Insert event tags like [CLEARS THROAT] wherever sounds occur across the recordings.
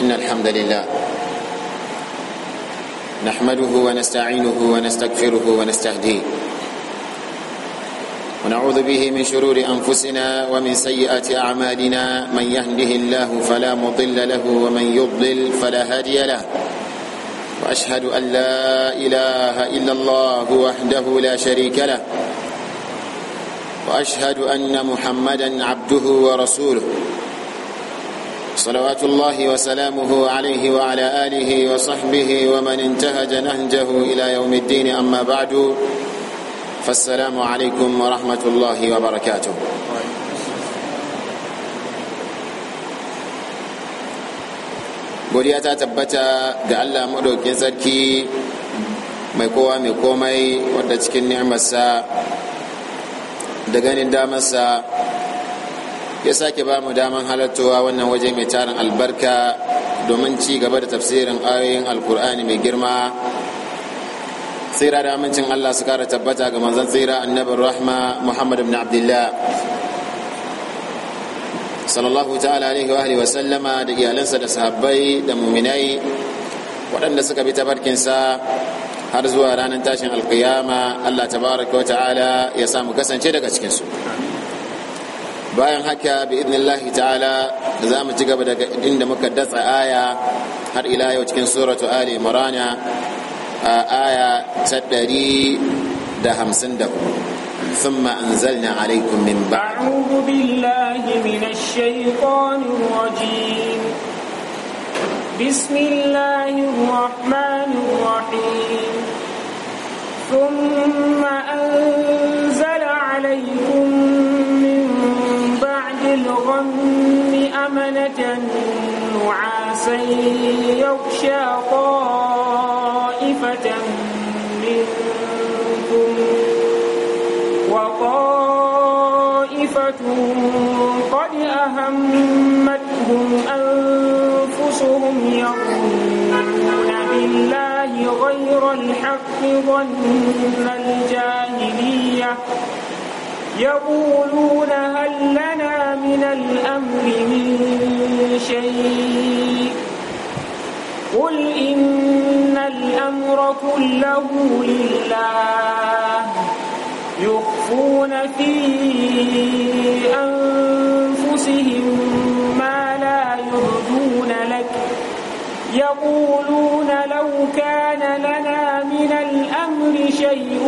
إن الحمد لله نحمده ونستعينه ونستغفره ونستهديه ونعوذ به من شرور أنفسنا ومن سيئات أعمالنا من يهده الله فلا مضل له ومن يضلل فلا هادي له وأشهد أن لا إله إلا الله وحده لا شريك له وأشهد أن محمدا عبده ورسوله صلوات الله وسلامه عليه وعلى آله وصحبه ومن انتهج نهجه إلى يوم الدين أما بعد فالسلام عليكم ورحمة الله وبركاته godiya تبتا tabbata ga Allah maɗaukin sarki mai ودتك النعمة komai wadda cikin ya sake ba mu daman halattowa wannan waje mai tarin albarka domin ci gaba da tafsirin ayoyin alkur'ani mai girma tsira da amincin allah su kara tabbata ga manzan tsira annabin rahma Muhammadu ibn abdullah sallallahu ta'ala alaihi wa wa sallama da iyalansa da sahabbai da muminai waɗanda suka bi tabarkinsa har zuwa ranar tashin alkiyama allah tabaraka wa ta'ala ya samu kasance daga cikinsu bayan haka bi idnillahi ta'ala za mu ci gaba daga inda muka datsa aya har ila yau cikin suratu ali murana a aya ta ɗari da hamsin da ثم أنزلنا عليكم من بعد أعوذ بالله من الشيطان الرجيم بسم الله الرحمن الرحيم ثم أنزل عليكم نعاسا يغشى طائفة منكم وطائفة قد أهمتهم أنفسهم يظنون بالله غير الحق ظن الجاهلية يقولون هل لنا من الأمر من شيء قل إن الأمر كله لله يخفون في أنفسهم ما لا يرجون لك يقولون لو كان لنا من الأمر شيء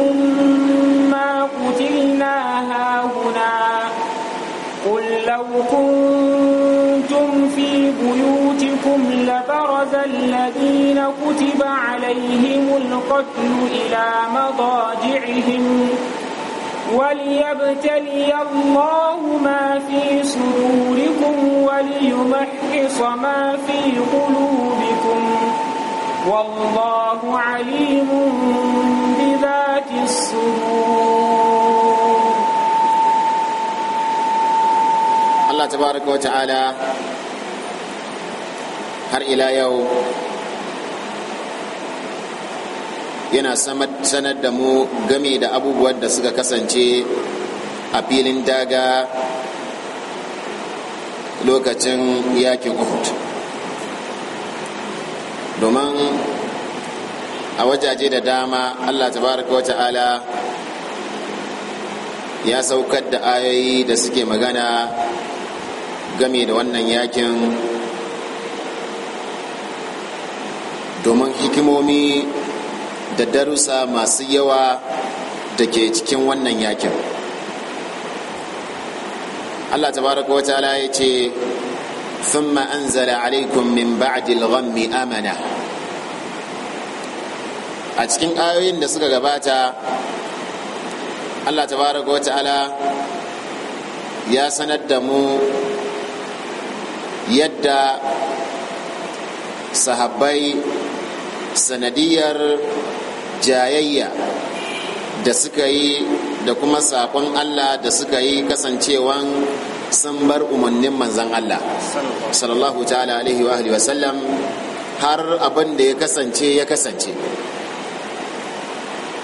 لو كنتم في بيوتكم لبرز الذين كتب عليهم القتل إلى مضاجعهم وليبتلي الله ما في صدوركم وليمحص ما في قلوبكم والله عليم بذات الصدور Allah tabaraka wa ta'ala har ila yau yana sanar da mu game da abubuwan da suka kasance a filin daga lokacin yakin uhud domin a wajaje da dama allah tabaraka wa ta'ala ya saukar da ayoyi da suke magana game da wannan yakin domin hikimomi da darussa masu yawa da ke cikin wannan yakin allah tabaraka wa ta'ala ya ce anzala alaikum min ba'di al-ghammi amana. a cikin ayoyin da suka gabata allah tabaraka wa ta'ala ya sanar da mu yadda sahabbai sanadiyar jayayya da suka yi da kuma sakon Allah da suka yi kasancewan sun bar umarnin manzan Allah sallallahu ta'ala alaihi wa wa sallam har abin da ya kasance ya kasance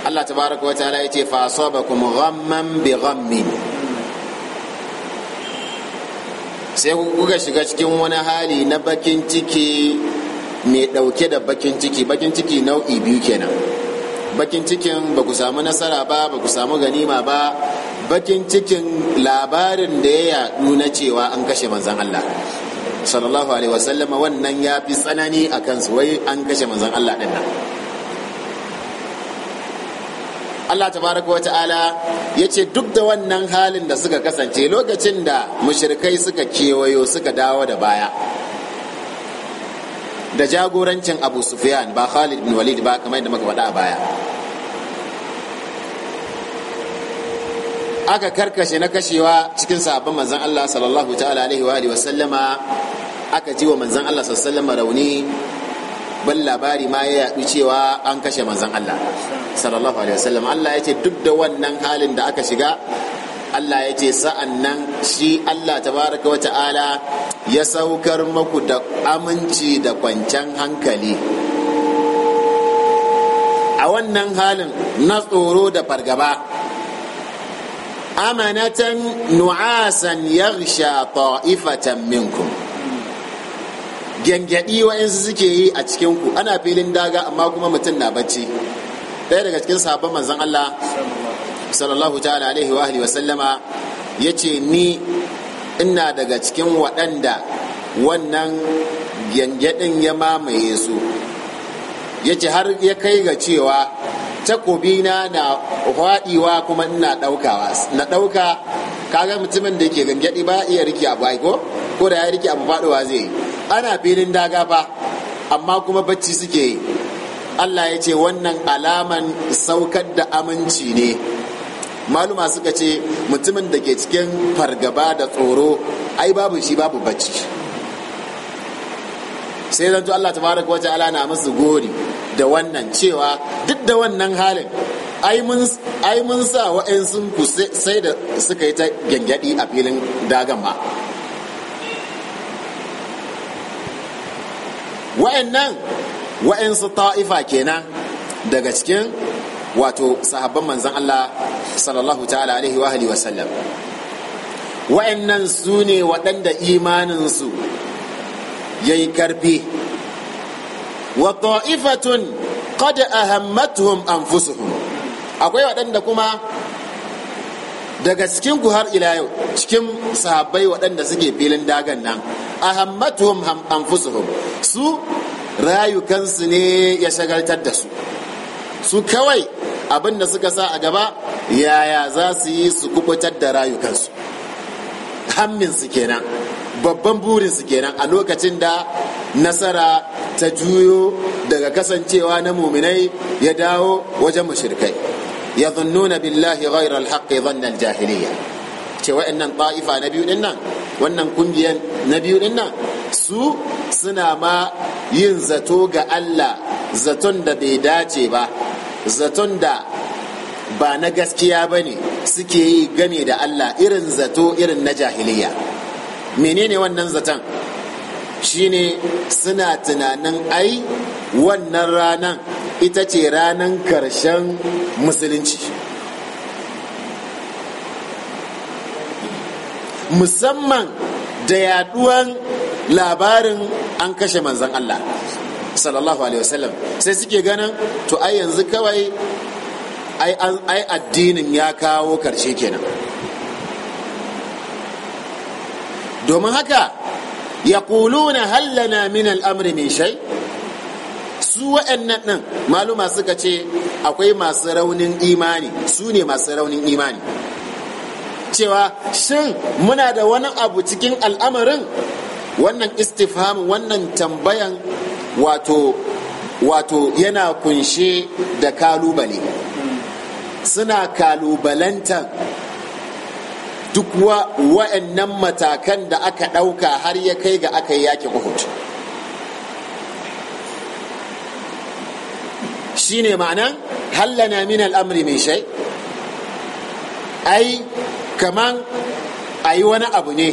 Allah tabaraka wa ta'ala ya ce fa asabakum ghamman bi ghammin sai kuka shiga cikin wani hali na bakin ciki mai ɗauke da bakin ciki bakin ciki nau'i biyu kenan bakin cikin ba ku samu nasara ba ba ku samu ganima ba bakin cikin labarin da ya yaɗu na cewa an kashe manzan Allah sallallahu alaihi wasallama wannan ya fi tsanani a kansu wai an kashe manzan Allah ɗin nan Allah tabaraka wa ta'ala ya ce, duk da wannan halin da suka kasance lokacin da mushirkai suka kewayo suka dawo da baya da jagorancin Abu Sufyan ba Khalid bin Walid ba kamar yadda muka faɗa a baya aka karkashe na kashewa cikin sabon manzan Allah sallallahu ta'ala alaihi wa alihi wa sallama aka ji wa manzan Allah sallallahu alaihi wa rauni ban labari ma ya yaɗu cewa an kashe manzan Allah sallallahu alaihi wasallam Allah ya ce duk da wannan halin da aka shiga Allah ya ce sa'an nan shi Allah tabaraka wa ta'ala ya saukar maku da aminci da kwancen hankali a wannan halin na tsoro da fargaba amanatan nu'asan yarsha ta'ifatan minkum gyangyaɗi wa'insu suke yi a cikinku ana filin daga amma kuma mutum na bacci ɗaya daga cikin sabon manzon Allah sallallahu ta'ala alaihi wa alihi wa sallama yace ni ina daga cikin waɗanda wannan gyangyaɗin ya mamaye su yace har ya kai ga cewa takobi na faɗiwa kuma ina ɗaukawa na ɗauka kaga mutumin da ke gangyaɗi ba iya riki abu aiko ko da ya riki abu faɗowa zai ana filin daga fa amma kuma bacci suke yi Allah ya ce wannan alaman saukar da aminci ne maluma suka ce mutumin da ke cikin fargaba da tsoro ai babu shi babu bacci sai zanto Allah ta tabaraka kowace ala na musu gori da wannan cewa duk da wannan halin ai mun sa wa'ansu ku sai da suka yi ta gyangyaɗi a filin dagan ba nan. wa'insu ta'ifa kenan daga cikin wato sahabban manzan Allah sallallahu ta'ala alaihi wa wa sallam wa'annan su ne waɗanda imaninsu ya yi karfi wa ta'ifatun qad ahammatuhum anfusuhum akwai waɗanda kuma daga cikin ku har ila yau cikin sahabbai waɗanda suke filin dagan nan ahammatuhum anfusuhum su rayukansu ne ya shagaltar da su su kawai abin da suka sa a gaba yaya za su yi su kubutar da rayukansu hamminsu kenan babban burinsu kenan a lokacin da nasara ta juyo daga kasancewa na muminai ya dawo wajen mashirkai ya nuna billahi ghairal haqqi dhanna jahiliya ce wa'annan ta'ifa na biyu din nan wannan kungiyan na biyu din nan su suna ma yin zato ga Allah zaton da bai dace ba zaton da ba na gaskiya ba ne suke yi game da Allah irin zato irin na jahiliya menene wannan zaton shine suna tunanin ai wannan ranan ita ce ranan karshen musulunci musamman da yaduwan labarin an kashe manzan Allah sallallahu alaihi wasallam sai suke ganin to ai yanzu kawai ai addinin ya kawo karshe kenan domin haka ya na hallana min al'amri mai shai su wa'annan nan maluma suka ce akwai masu raunin imani su ne masu raunin imani cewa shin muna da wani abu cikin al'amarin wannan istifham wannan tambayan wato wato yana kunshe da kalubale suna kalubalantan duk wa'annan matakan da aka ɗauka har ya kai ga aka yi yakin uhud shine ma'anan hallana min al'amri mai shai ai kaman a yi wani abu ne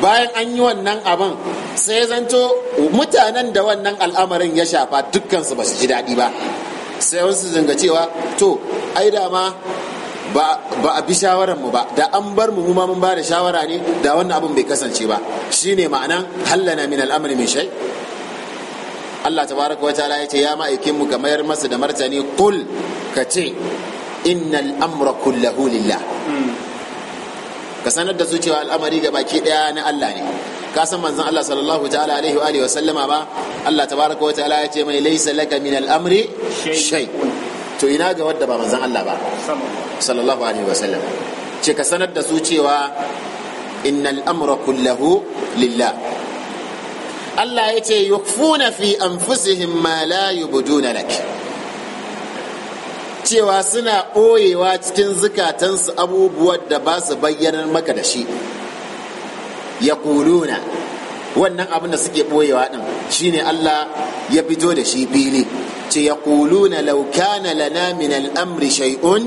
bayan an yi wannan abin sai ya zanto mutanen da wannan al'amarin ya shafa dukkansu ba su ji daɗi ba sai wasu zanga cewa to ai da ma ba a bi shawarar mu ba da an bar mu mu ma mun ba da shawara ne da wannan abin bai kasance ba shine ma'anan hallana min al'amri min shay Allah tabaraka wa ta'ala yace ya ma'aikin mu mayar masa da martani kul ka ce innal amra kullahu lillah hmm. ka sanar da su cewa al'amari ga baki daya na Allah ne ka san manzon Allah sallallahu ta'ala alaihi wa alihi wa sallama ba Allah tabaraka wa ta'ala ya ce mai laysa laka min al'amri shay to ina ga wadda ba manzon Allah ba sallallahu alaihi wa sallam ce ka sanar da su cewa innal amra kullahu lillah Allah ya ce yukfuna fi anfusihim ma la yubduna lak cewa suna ɓoyewa cikin zukatansu abubuwan da ba su bayyanar maka da shi ya kuluna wannan abin da suke ɓoyewa ɗin shine Allah ya fito da shi fili ce ya kuluna laukana lana min al'amri shay'un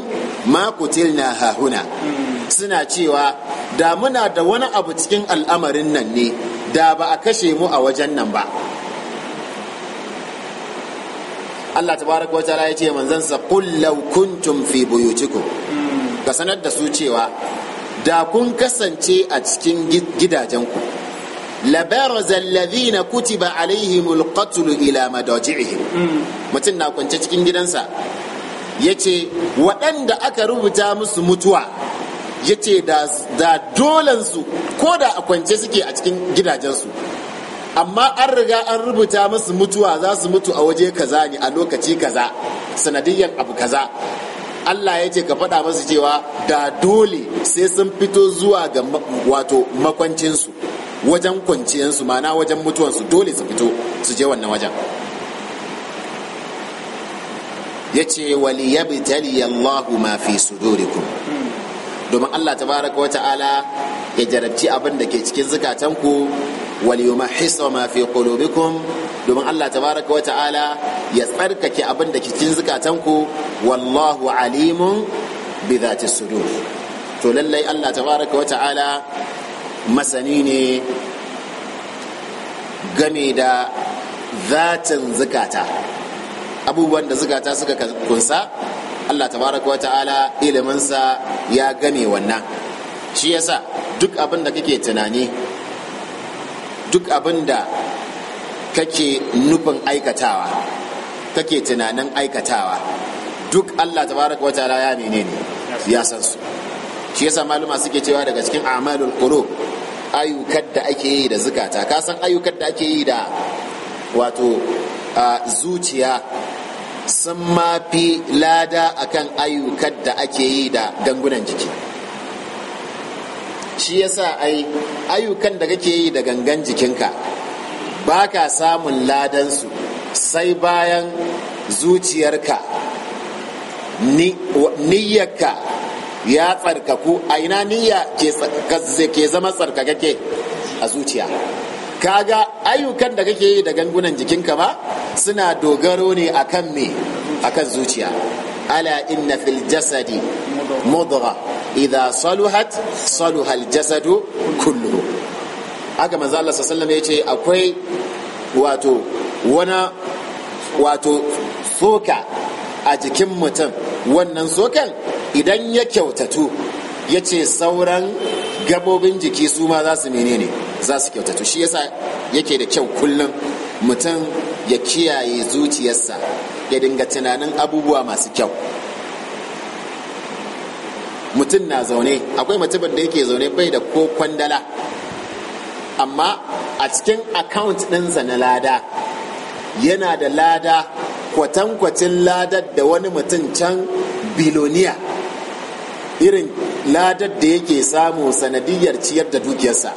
ma na hahuna suna cewa da muna da wani abu cikin al'amarin nan ne da ba a kashe mu a wajen nan ba Allah tabaraka wa ta'ala ya ce manzansa qul law kuntum fi buyutikum ka sanar da su cewa da kun kasance a cikin gidajenku labaraza alladhina kutiba alaihimul qatlu ila madajihim mutum na kwance cikin gidansa yace waɗanda aka rubuta musu mutuwa yace da dolansu ko da a kwance suke a cikin gidajensu amma an riga an rubuta masu mutuwa za su mutu a waje kaza ne a lokaci kaza sanadiyyar abu kaza Allah ya ce ka faɗa masu cewa da dole sai sun fito zuwa ga wato makwancinsu wajen kwanciyarsu mana wajen mutuwansu dole su fito su je wannan wajen ya ce wali ya bitali Allahu ma fi sudurikum domin Allah tabaraka wa ta'ala ya jarabci abin da ke cikin zukatanku wal yumahhisa ma fi qulubikum domin Allah tabaraka wa ta'ala ya tsarkake abin da cikin zukatanku wallahu alimun bi dhati sudur to lallai Allah tabaraka wa ta'ala masani ne game da zatin zukata abubuwan da zukata suka kunsa Allah tabaraka wa ta'ala iliminsa ya game wannan shi yasa duk abin da kake tunani duk abin da kake nufin aikatawa kake tunanin aikatawa duk Allah tabarak wa ta'ala ya menene ya san su shi yasa maluma suke cewa daga cikin amalul qulub ayyukan da ake yi da zukata ka san ayyukan da ake yi da wato zuciya sun mafi lada akan ayyukan da ake yi da gangunan jiki shi yasa ai ayyukan da kake yi da gangan jikinka ba ka samun ladansu sai bayan zuciyarka niyyarka ya tsarkaku a ina niyya ke zama tsarkakake a zuciya kaga ayyukan da kake yi da gangunan jikinka ba suna dogaro ne akan me akan zuciya ala inna fil jasadi mudra idha saluhat saluhal jasadu kulluhu haka manzo Allah sallallahu alaihi wasallam yace akwai wato wana wato soka a jikin mutum wannan sokan idan ya kyautatu yace sauran gabobin jiki su ma za su menene za su kyautatu shi yasa yake da kyau kullum mutum ya kiyaye zuciyarsa ya dinga tunanin abubuwa masu kyau mutum na zaune akwai mutumin da yake zaune bai da ko kwandala amma a cikin account ɗinsa na lada yana da lada kwatankwacin ladar da wani mutum can biloniya irin ladar da yake samu sanadiyar ciyar da dukiyarsa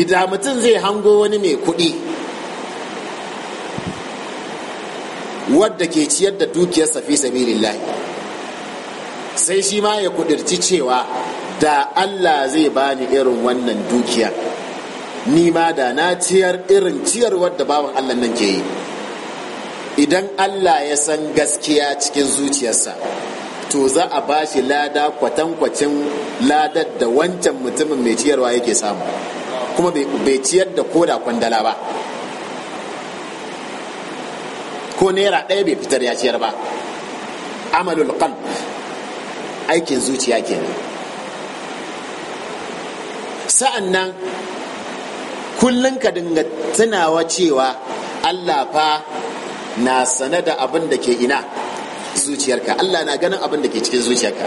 idan mutum zai hango wani mai kuɗi wadda ke ciyar da dukiyarsa fi sabilillahi sai shi ma ya kudirci cewa da Allah zai bani irin wannan dukiya ni ma da na ciyar irin ciyarwar da bawan Allah nan ke yi idan Allah ya san gaskiya cikin zuciyarsa to za a ba lada kwatankwacin ladar da wancan mutumin mai ciyarwa yake samu kuma bai ciyar da koda kwandala ba ko naira ɗaya bai fitar ya ciyar ba amalul qalb aikin zuciya kenan sa'an nan kullum ka dinga tunawa cewa allah fa na sane da abin da ke ina zuciyarka allah na ganin abin da ke cikin zuciyarka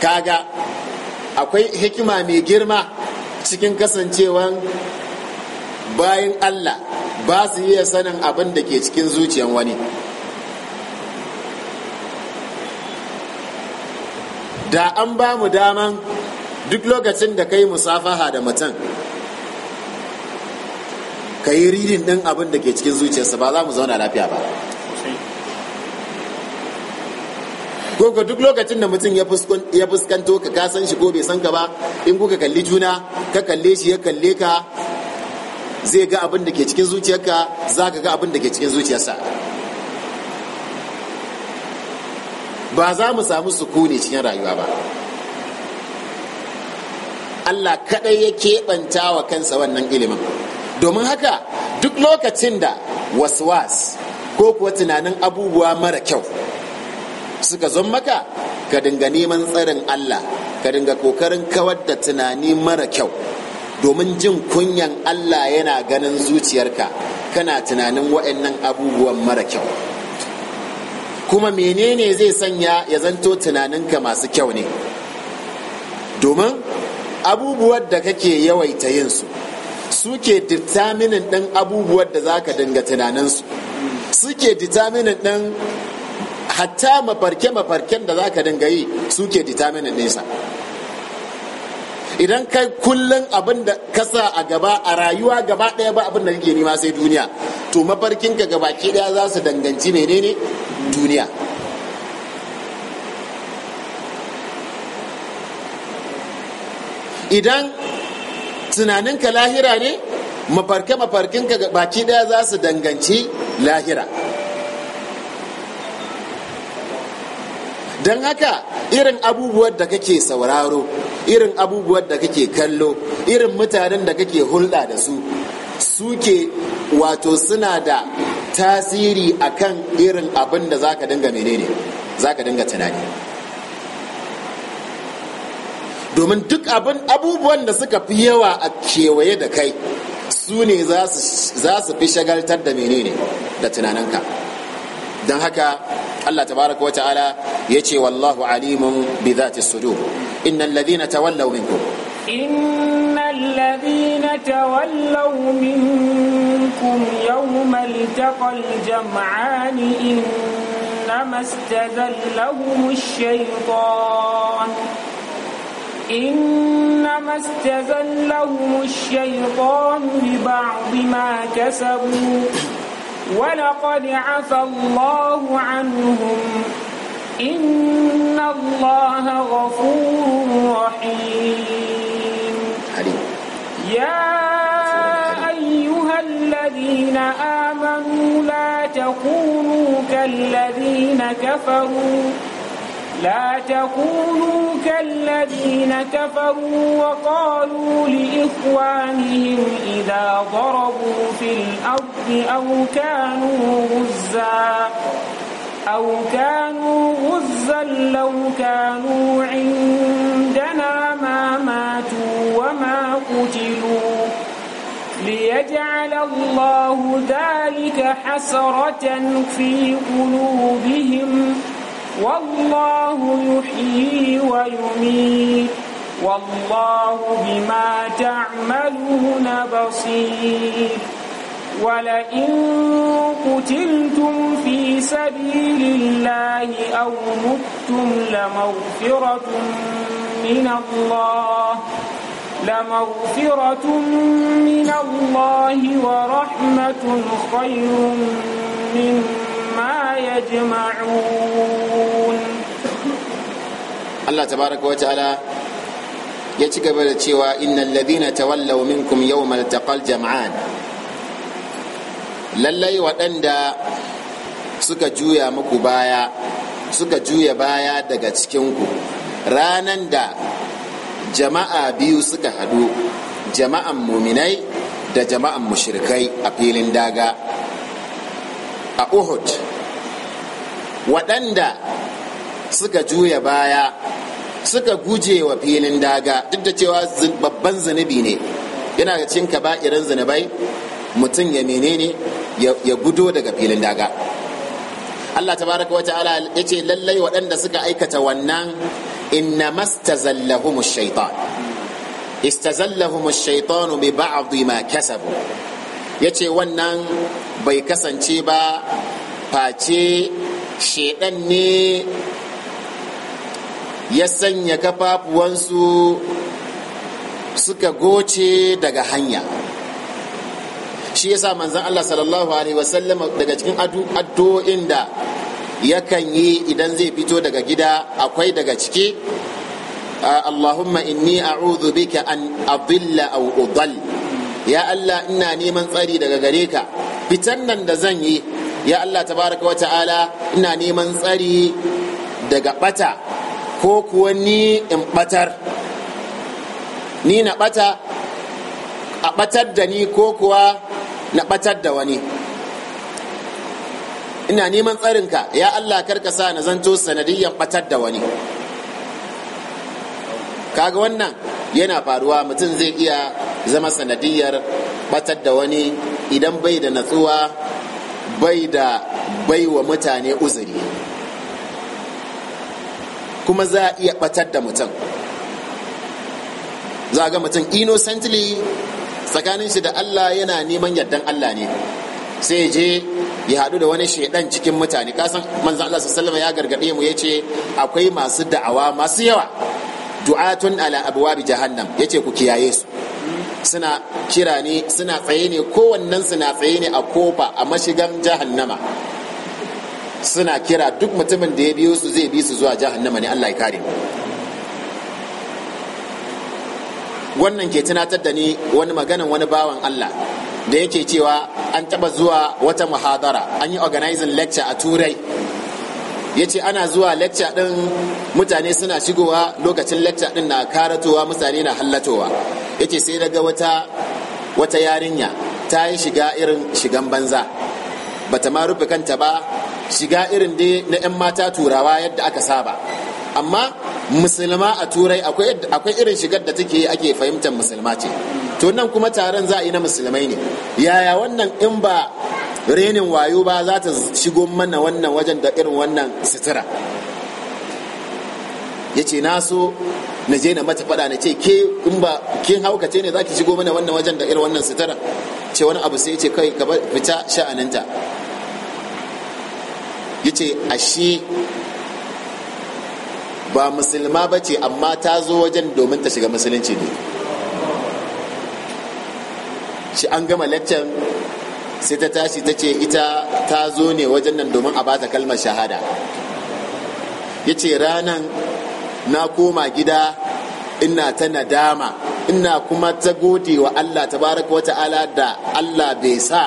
kaga akwai hikima mai girma cikin kasancewan bayan Allah ba su iya sanin abin da ke cikin zuciyan wani da an ba mu daman duk lokacin da ka yi musafaha da mutum ka yi ririn ɗin abin da ke cikin zuciyarsa ba za mu zauna lafiya ba ko duk lokacin da mutum ya fuskanto ka kasan shi ko bai san ka ba in kuka kalli juna ka kalle shi ya kalle ka zai ga abin da ke cikin zuciyarka za ka ga abin da ke cikin zuciyarsa ba za mu samu sukuni cikin rayuwa ba Allah kaɗai ya keɓanta wa kansa wannan ilimin domin haka duk lokacin da waswas ko kuwa tunanin abubuwa mara kyau suka zo maka ka dinga neman tsarin Allah ka dinga kokarin kawar da tunani mara kyau domin jin kunyan Allah yana ganin zuciyarka kana tunanin waɗannan abubuwan mara kyau kuma menene zai sanya ya zanto tunaninka masu kyau ne domin abubuwan da kake yawaita yin su suke determinin ɗin abubuwan da za ka dinga tunaninsu suke determinin ɗin hatta mafarke-mafarken da za ka dinga yi suke determinin ɗinsa. idan kai kullum abin da ka sa a gaba a rayuwa gaba ɗaya ba abin da kake nema sai duniya to mafarkin ka gaba ke ɗaya za su danganci menene duniya idan tunaninka lahira ne mafarke mafarkinka ke ɗaya za su danganci lahira don haka irin abubuwan da kake sauraro irin abubuwan da kake kallo irin mutanen da kake hulɗa da su suke wato suna da tasiri akan irin abin da za ka dinga menene ka dinga tunani domin duk abin abubuwan da suka fi yawa a kewaye da kai su ne za su fi shagaltar da menene da tunaninka don haka Allah tabaraka wa ta'ala ya ce wallahu alimun bi dhati sudur innal ladhina tawallaw minkum innal ladhina tawallaw minkum yawma iltaqal jam'ani innama istadallahum ash-shaytan إنما استزلهم الشيطان ببعض ما كسبوا ولقد عفى الله عنهم إن الله غفور رحيم يا أيها الذين آمنوا لا تكونوا كالذين كفروا لا تكونوا كالذين كفروا وقالوا لإخوانهم إذا ضربوا في الأرض أو كانوا غزا أو كانوا غزا لو كانوا عندنا ما ماتوا وما قتلوا ليجعل الله ذلك حسرة في قلوبهم والله يحيي ويميت والله بما تعملون بصير ولئن قتلتم في سبيل الله أو متم لمغفرة من الله لمغفرة من الله ورحمة خير مما Allah يجمعون الله تبارك وتعالى ya ci gaba da cewa innal ladina tawallaw minkum yawmal taqal jam'an lallai waɗanda suka juya muku baya suka juya baya daga cikinku ranan da jama'a biyu suka hadu, jama'an muminai da jama'an mushrikai a filin daga a uhud waɗanda suka juya baya suka guje wa filin daga duk da cewa babban zunubi ne yana da cin ba'irin zunubai mutum ya menene ya gudo daga filin daga Allah tabaraka wa ta'ala ya ce lallai waɗanda suka aikata wannan inna mu shaitan istazallahum shaitan bi ba'd ma kasabu yace wannan bai kasance ba face shaidan ne ya sanya kafafuwansu suka goce daga hanya shi ya sa manzan Allah sallallahu alaihi wasallam daga cikin addu'o'in da yakan yi idan zai fito daga gida akwai daga ciki ah, Allahumma inni a'udhu bika an adilla aw udall ya Allah ina neman tsari daga gare ka fitan nan da zan yi ya Allah tabaraka wa ta'ala ina neman tsari daga bata ko kuwa ni in batar ni na bata a batar da ni ko kuwa na batar da wani ina neman tsarinka ya Allah karka sa na zanto sanadiyyar batar da wani kaga wannan yana faruwa mutum zai iya zama sanadiyar batar da wani idan bai da natsuwa bai da bai wa mutane uzuri kuma za a iya batar da mutum za a ga mutum innocently tsakanin shi da Allah yana neman yardan Allah ne sai je ya haɗu da wani shaidan cikin mutane kasan manzan Allah sallama ya gargaɗe mu ya ce akwai masu da'awa masu yawa du'atun ala abuwa bi jahannam ya ce ku kiyaye su suna kira ne suna tsaye ne kowannen suna tsaye ne a kofa a mashigan jahannama suna kira duk mutumin da ya biyo su zai bi su zuwa jahannama ne Allah ya kare wannan ke tunatar da ni wani maganan wani bawan Allah da yake cewa an taba zuwa wata muhadara an yi organizing lecture a turai ya ce ana zuwa lecture ɗin mutane suna shigowa lokacin lecture ɗin na karatowa mutane na hallatowa yace sai daga wata wata yarinya ta yi shiga irin shigan banza bata ma rufe kanta ba shiga irin dai na 'yan mata turawa yadda aka saba amma musulma a turai akwai irin shigar da take ake fahimtar musulma ce to nan kuma taron za a yi na musulmai ne yaya wannan in ba renin wayo ba za ta shigo mana wannan wajen da irin wannan sutura ya ce na na je na mata faɗa na ce ke in ba kin haukace ne ki shigo mana wannan wajen da irin wannan sutura ce wani abu sai ce kai gaba fita sha'aninta yace ashe ba musulma ba ce amma ta zo wajen domin ta shiga musulunci ne shi an gama laccan sai ta tashi ta ce ita ta zo ne wajen nan domin a ba ta kalmar shahada yace ce ranan na koma gida ina ta nadama ina kuma ta gode wa Allah tabaraka wa ta'ala da Allah bai sa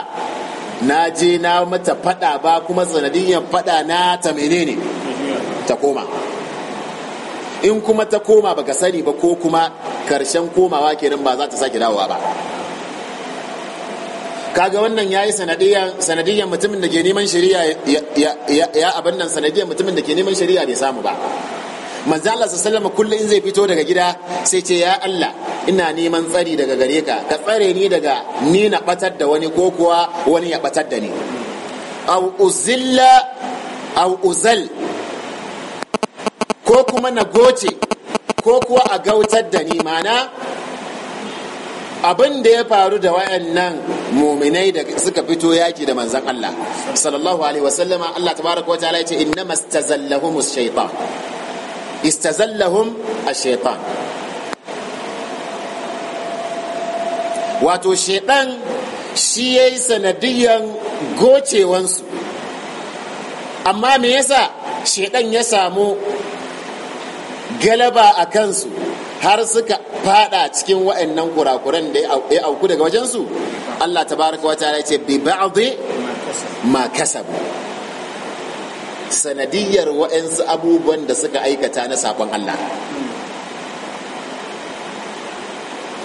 na je na mata fada ba kuma sanadiyyar fada na ta menene ta koma in kuma ta koma baka sani ba ko kuma karshen komawa kenan ba za ta sake dawowa ba kaga wannan ya yi sanadiyyar mutumin da ke neman shari'a ya abin nan mutumin da ke neman shari'a bai samu ba manzo Allah sallallahu alaihi kullum zai fito daga gida sai ce ya Allah ina neman tsari daga gare ka ka tsare ni daga ni na batar da wani ko kuwa wani ya batar da ni au uzilla au uzal ko kuma na goce ko kuwa a gautar da ni mana abin da ya faru da wayannan muminai da suka fito yaki da manzan Allah sallallahu alaihi wasallama Allah tabaraka wa ta'ala ya ce innamas tazallahumus shaytan istazallahum a shaytan wato shaitan shi ya yi sanadiyan gocewansu amma me yasa shaitan ya samu galaba a kansu har suka fada cikin wa'annan kurakuran da ya auku daga wajensu allah Ta baraka wata ya ce bi ba'dhi ma kasabu sanadiyar wa'ansu abubuwan da suka aikata na sabon Allah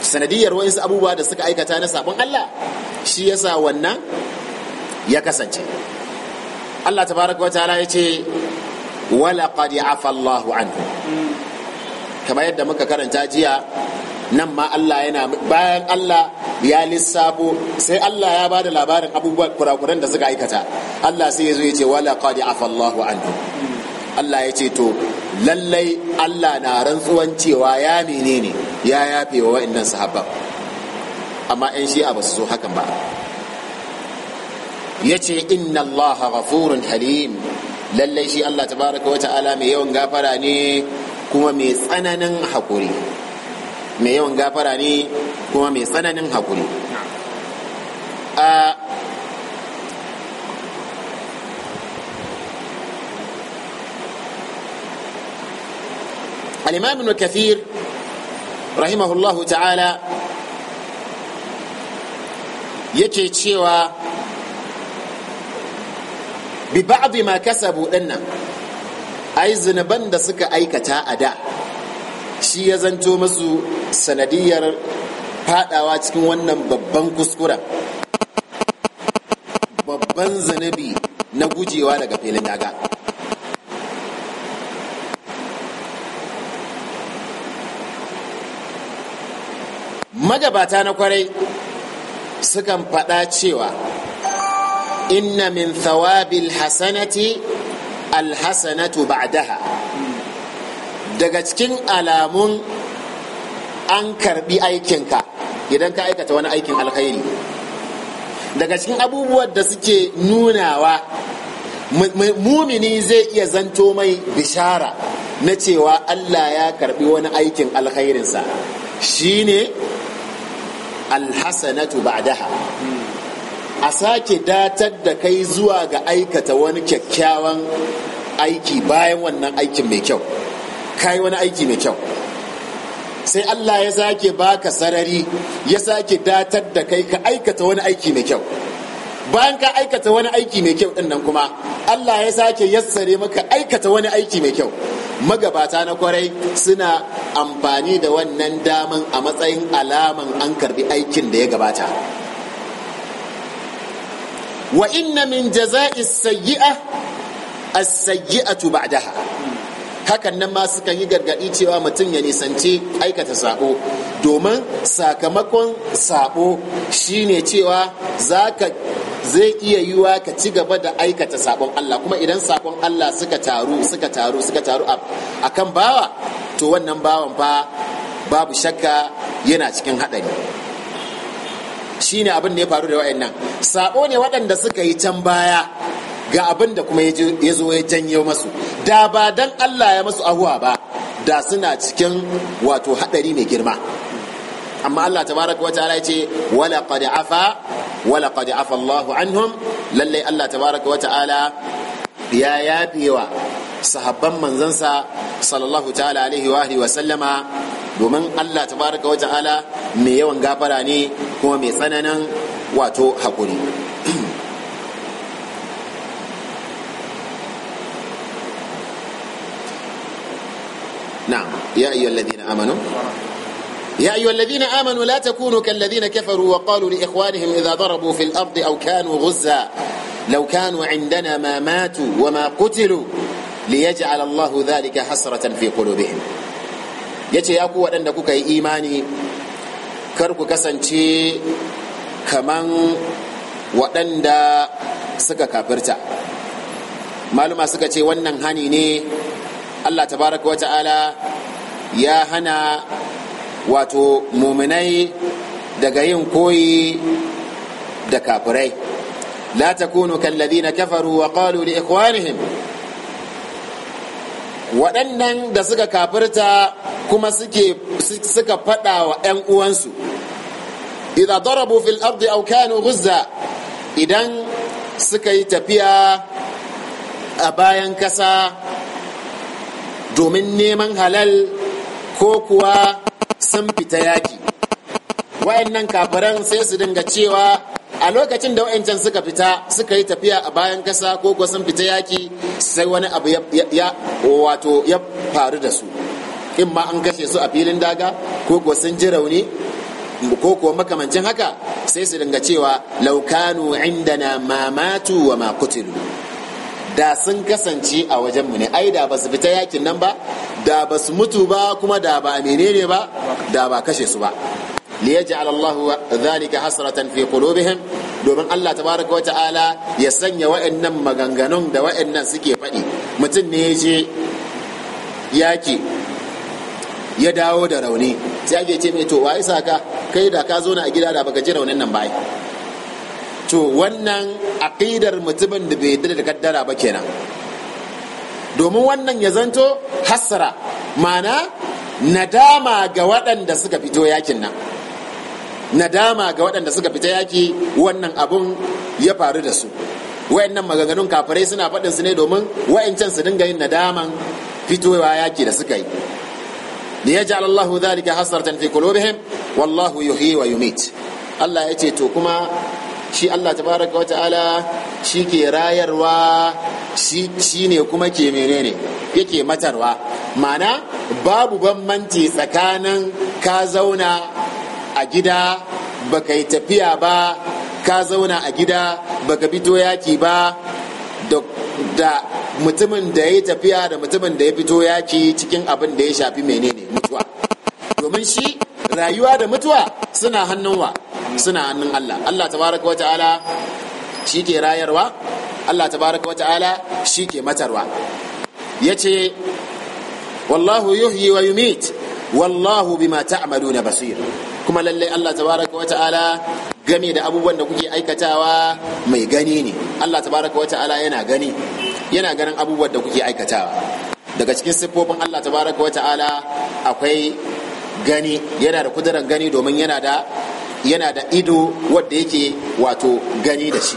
sanadiyar wa'ansu abubuwa da suka aikata na sabon Allah shi yasa wannan ya kasance Allah tabaraka wa ta'ala ya ce wala qad afallahu Allahu anhu kamar yadda muka karanta jiya nan ma Allah yana bayan Allah ya lissafo sai Allah ya bada labarin abubuwan kurakuran da suka aikata Allah sai ya zo ya ce wala qad afallahu anhu Allah ya ce to lallai Allah na rantsuwan cewa ya menene ya yafe wa wa'annan sahabban amma 'yan shi'a ba su so hakan ba ya ce inna Allah ghafurun halim lallai shi Allah tabaraka wa ta'ala mai yawan gafara ne kuma mai tsananin haƙuri mai yawan gafara ne kuma mai tsananin hakuri a الإمام ابن كثير رحمه Ta'ala yake cewa bi ba'dhi ma nan a ai zunuban da suka aikata a da shi ya zanto masu sanadiyar fadawa cikin wannan babban kuskura babban zanabi na gujewa daga filin daga magabata na kwarai sukan faɗa cewa inna min thawabil hasanati alhasanatu ba'daha daga cikin alamun an karbi aikinka idan ka aikata wani aikin alkhairi daga cikin abubuwan da suke nunawa mumini zai iya zanto mai bishara na cewa allah ya karbi wani aikin alkhairinsa shine alhassanatu ba'daha a sake datar da kai zuwa ga aikata wani kyakkyawan aiki bayan wannan aikin mai kyau kayi wani aiki mai kyau sai Allah ya sake baka sarari ya sake datar da kai ka aikata wani aiki mai kyau bayan ka aikata wani aiki mai kyau din nan kuma Allah ya sake yassare maka aikata wani aiki mai kyau magabata na kwarai suna amfani da wannan daman a matsayin alaman an karbi aikin da ya gabata wa inna min jaza'is sayyi'a as-sayyi'atu ba'daha hakan nan ma sukan yi gargaɗi cewa mutum ya nisanci aikata sabo domin sakamakon sabo shine cewa za ka zai iya yiwuwa ka ci gaba da aikata sabon Allah kuma idan sabon Allah suka taru suka taru suka taru a kan bawa to wannan bawan ba, babu shakka yana cikin haɗari shine abin da ya faru da waɗannan sabo ne waɗanda suka yi can baya ga abin da kuma ya zo ya janyo masu da ba dan Allah ya masu ahuwa ba da suna cikin wato hadari mai girma amma Allah tabaraka wa ta'ala yace wala qad afa wala qad afa Allahu anhum lalle Allah tabaraka wa ta'ala ya yafewa sahabban manzansa sallallahu ta'ala alaihi wa alihi wa sallama domin Allah tabaraka wa ta'ala mai yawan gafara ne kuma mai tsananin wato hakuri نعم يا أيها الذين آمنوا يا أيها الذين آمنوا لا تكونوا كالذين كفروا وقالوا لإخوانهم إذا ضربوا في الأرض أو كانوا غزا لو كانوا عندنا ما ماتوا وما قتلوا ليجعل الله ذلك حسرة في قلوبهم يتي يا قوة waɗanda kuka yi imani kar ku kasance kaman waɗanda suka kafirta maluma suka Allah tabaraka wata'ala ya hana wato muminai daga yin koyi da kafirai la takunu kalladhina kafaru wa qalu li ikhwanihim waɗannan da suka kafirta kuma suke suka faɗa wa 'yan uwansu idan darabu fil ardi aw kanu ghuzza idan suka yi tafiya a bayan kasa domin neman halal ko kuwa sun fita yaki wayannan kafiran sai su dinga cewa a lokacin da wa'incan suka fita suka yi tafiya a bayan kasa ko kuwa sun fita yaki sai wani abu ya wato ya faru da su in ma an kashe su a filin daga ko kuwa sun ji rauni ko kuwa makamancin haka sai su dinga cewa laukanu inda na mamatu wa makutulu. da sun kasance a wajenmu ne ai da ba su fita yakin nan ba da ba su mutu ba kuma da ba menene ba da ba kashe su ba liyaj'al Allahu dhalika hasratan fi qulubihim domin Allah tabaraka wa ta'ala ya sanya wa'annan maganganun da wa'annan suke faɗi mutum ne ya je yaki ya dawo da rauni sai ake ce mai to wai saka kai da ka zo na a gida da baka ji raunin nan ba to wannan aƙidar mutumin da bai da kaddara ba kenan domin wannan ya zanto hasara, mana nadama ga waɗanda suka fito yakin nan nadama ga waɗanda suka fita yaki wannan abun ya faru da su wayannan maganganun kafirai suna faɗin su ne domin wayancan su dinga yin nadaman fitowa yaki da suka yi ya yaj'al Allahu zalika hasratan fi qulubihim wallahu yuhyi wa yumit Allah ya ce to kuma shi Allah tabaraka wata'ala shi ke rayarwa shi ne kuma ke menene yake matarwa mana babu bambanci tsakanin ka zauna a gida baka yi tafiya ba ka zauna a gida baka fito yaki ba da mutumin da ya yi tafiya da mutumin da ya fito yaki cikin abin da ya shafi menene mutuwa domin shi rayuwa da mutuwa suna hannunwa suna hannun Allah Allah tabaraka wata'ala shi ke rayarwa Allah tabaraka wata'ala shi ke matarwa Ya ce, wallahu yuhyi wa yumit wallahu bima ta'maluna basir kuma lallai Allah tabaraka wata'ala game da abubuwan da kuke aikatawa mai gani ne Allah tabaraka wata'ala yana gani yana ganin abubuwan da kuke aikatawa daga cikin siffofin Allah tabaraka wata'ala akwai gani yana da kudurar gani domin yana da yana da ido wadda yake wato gani da shi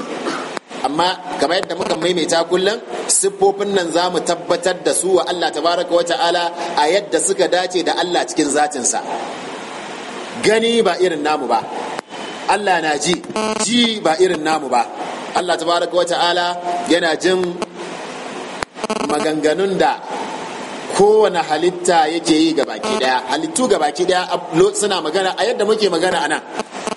amma kamar yadda muka maimaita kullum siffofin nan za mu tabbatar da su wa Allah tabaraka wa ta'ala a yadda suka dace da Allah cikin zatinsa gani ba irin namu ba Allah na ji ji ba irin namu ba Allah tabaraka wa ta'ala yana jin maganganun da kowane halitta yake yi ga baki daya halittu ga baki daya suna magana a yadda muke magana anan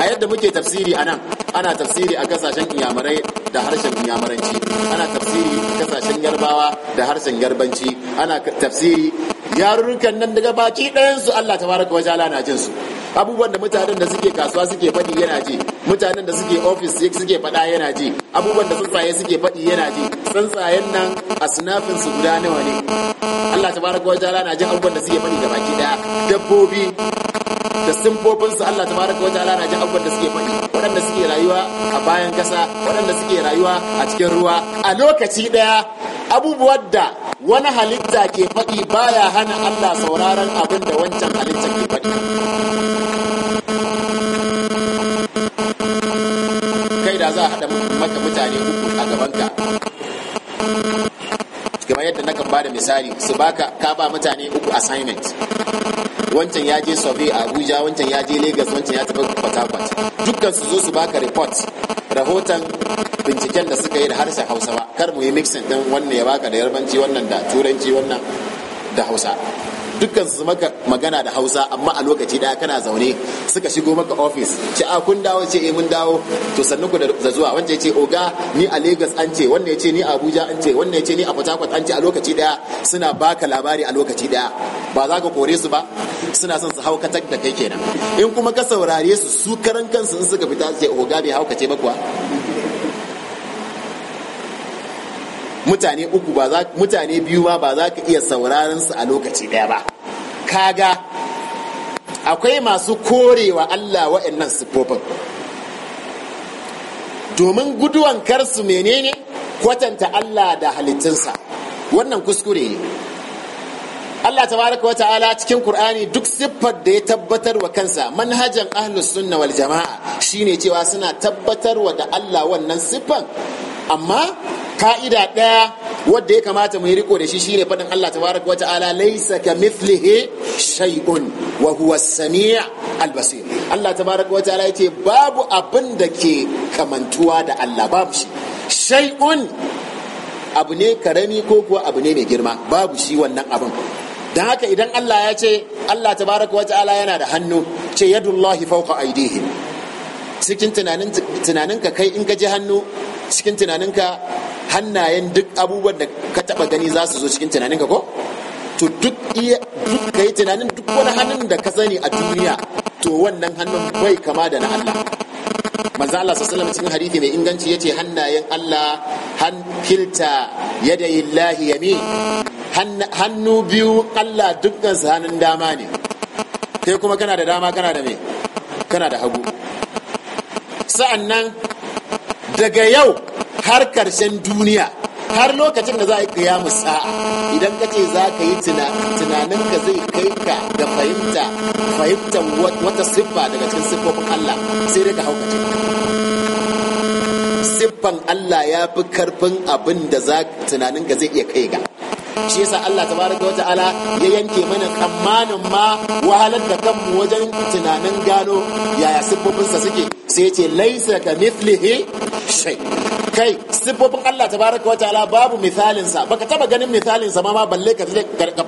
a yadda muke tafsiri anan ana tafsiri a kasashen iyamurai da harshen iyamuranci ana tafsiri a kasashen yarbawa da harshen yarbanci ana tafsiri yarurrukan nan daga baki su Allah tabaraka wa ta'ala na jin su abubuwan da mutanen da suke kasuwa suke faɗi yana ji mutanen da suke ofis suke faɗa yana ji abubuwan da tsuntsaye suke faɗi yana ji tsuntsayen nan a sinafin su guda nawa ne Allah Ta baraka wa ta'ala na jin abubuwan da suke faɗi gaba baki daya dabbobi da simfofinsu Allah Ta baraka wa ta'ala na jin abubuwan da suke faɗi waɗanda suke rayuwa a bayan ƙasa waɗanda suke rayuwa a cikin ruwa a lokaci ɗaya abubuwan da wani halitta ke faɗi baya hana Allah sauraron abin da wancan halitta ke faɗi kai da za a haɗa maka mutane uku a gabanka kamar yadda na kan da misali su baka ka ba mutane uku assignment wancan ya je survey a abuja wancan ya je lagos wancan ya tafi port harcourt dukkan su zo su baka report rahoton binciken da suka yi da harshen hausa ba kar mu yi mixing din wannan ya baka da yarbanci wannan da turanci wannan da hausa dukkan su maka magana da hausa amma a lokaci daya kana zaune suka shigo maka ofis ce a ah, kun dawo ce eh mun dawo to sannu ku da zuwa wanda ya ce oga ni a lagos an ce wanda ya ce ni a abuja an ce wanda ya ce ni a port harcourt an ce a lokaci daya suna baka labari a lokaci daya ba za ka kore su ba suna son su haukatar da kai kenan in kuma ka saurare su su karan kansu in suka fita su ce oga bai haukace ba kuwa mutane uku ba za mutane biyu ma ba za ka iya sauraron su a lokaci daya ba kaga akwai masu korewa Allah wa'annan siffofin domin guduwan karsu menene kwatanta Allah da halittunsa wannan kuskure ne Allah tabaraka wa ta'ala cikin Qur'ani duk siffar da ya tabbatar wa kansa manhajan ahlus sunna wal jama'a shine cewa suna tabbatar wa da Allah wannan siffan amma ka'ida ɗaya wadda ya kamata mu yi riko da shi shine faɗin Allah tabaraka wa ta'ala laysa mithlihi shay'un wa huwa as-sami' al-basir Allah tabaraka wa ta'ala yace babu abin da ke kamantuwa da Allah babu shi shay'un abu ne karami ko kuwa abu ne mai girma babu shi wannan abin dan haka idan Allah ya ce Allah tabaraka wa ta'ala yana da hannu ce yadullahi fawqa aydihim cikin tunaninka kai in ka ji hannu cikin tunaninka hannayen duk abubuwan da ka taba gani za su zo cikin tunanin ka ko to duk iya duk yi tunanin duk wani hannun da ka sani a duniya to wannan hannun bai kama da na Allah manzo Allah sallallahu cikin hadisi mai inganci yace hannayen Allah han kilta yadayi yamin hannu biyu Allah dukkan su hannun dama ne kai kuma kana da dama kana da me kana da hagu sa'annan daga yau har karshen duniya har lokacin da za a yi kiyamu idan ka ce za ka yi tunanin zai kai ka da fahimta fahimtar wata siffa daga cikin siffofin Allah sai daga haukace siffan Allah ya fi karfin abin da za tunanin zai iya kai ga shi yasa Allah tabaraka wa ta'ala ya yanke mana kamanin ma wahalar da kanmu wajen tunanin gano yaya sa suke sai ce laisa ka mithlihi shay kai siffofin Allah tabaraka wa ta'ala babu misalinsa baka taba ganin misalinsa ma ma balle ka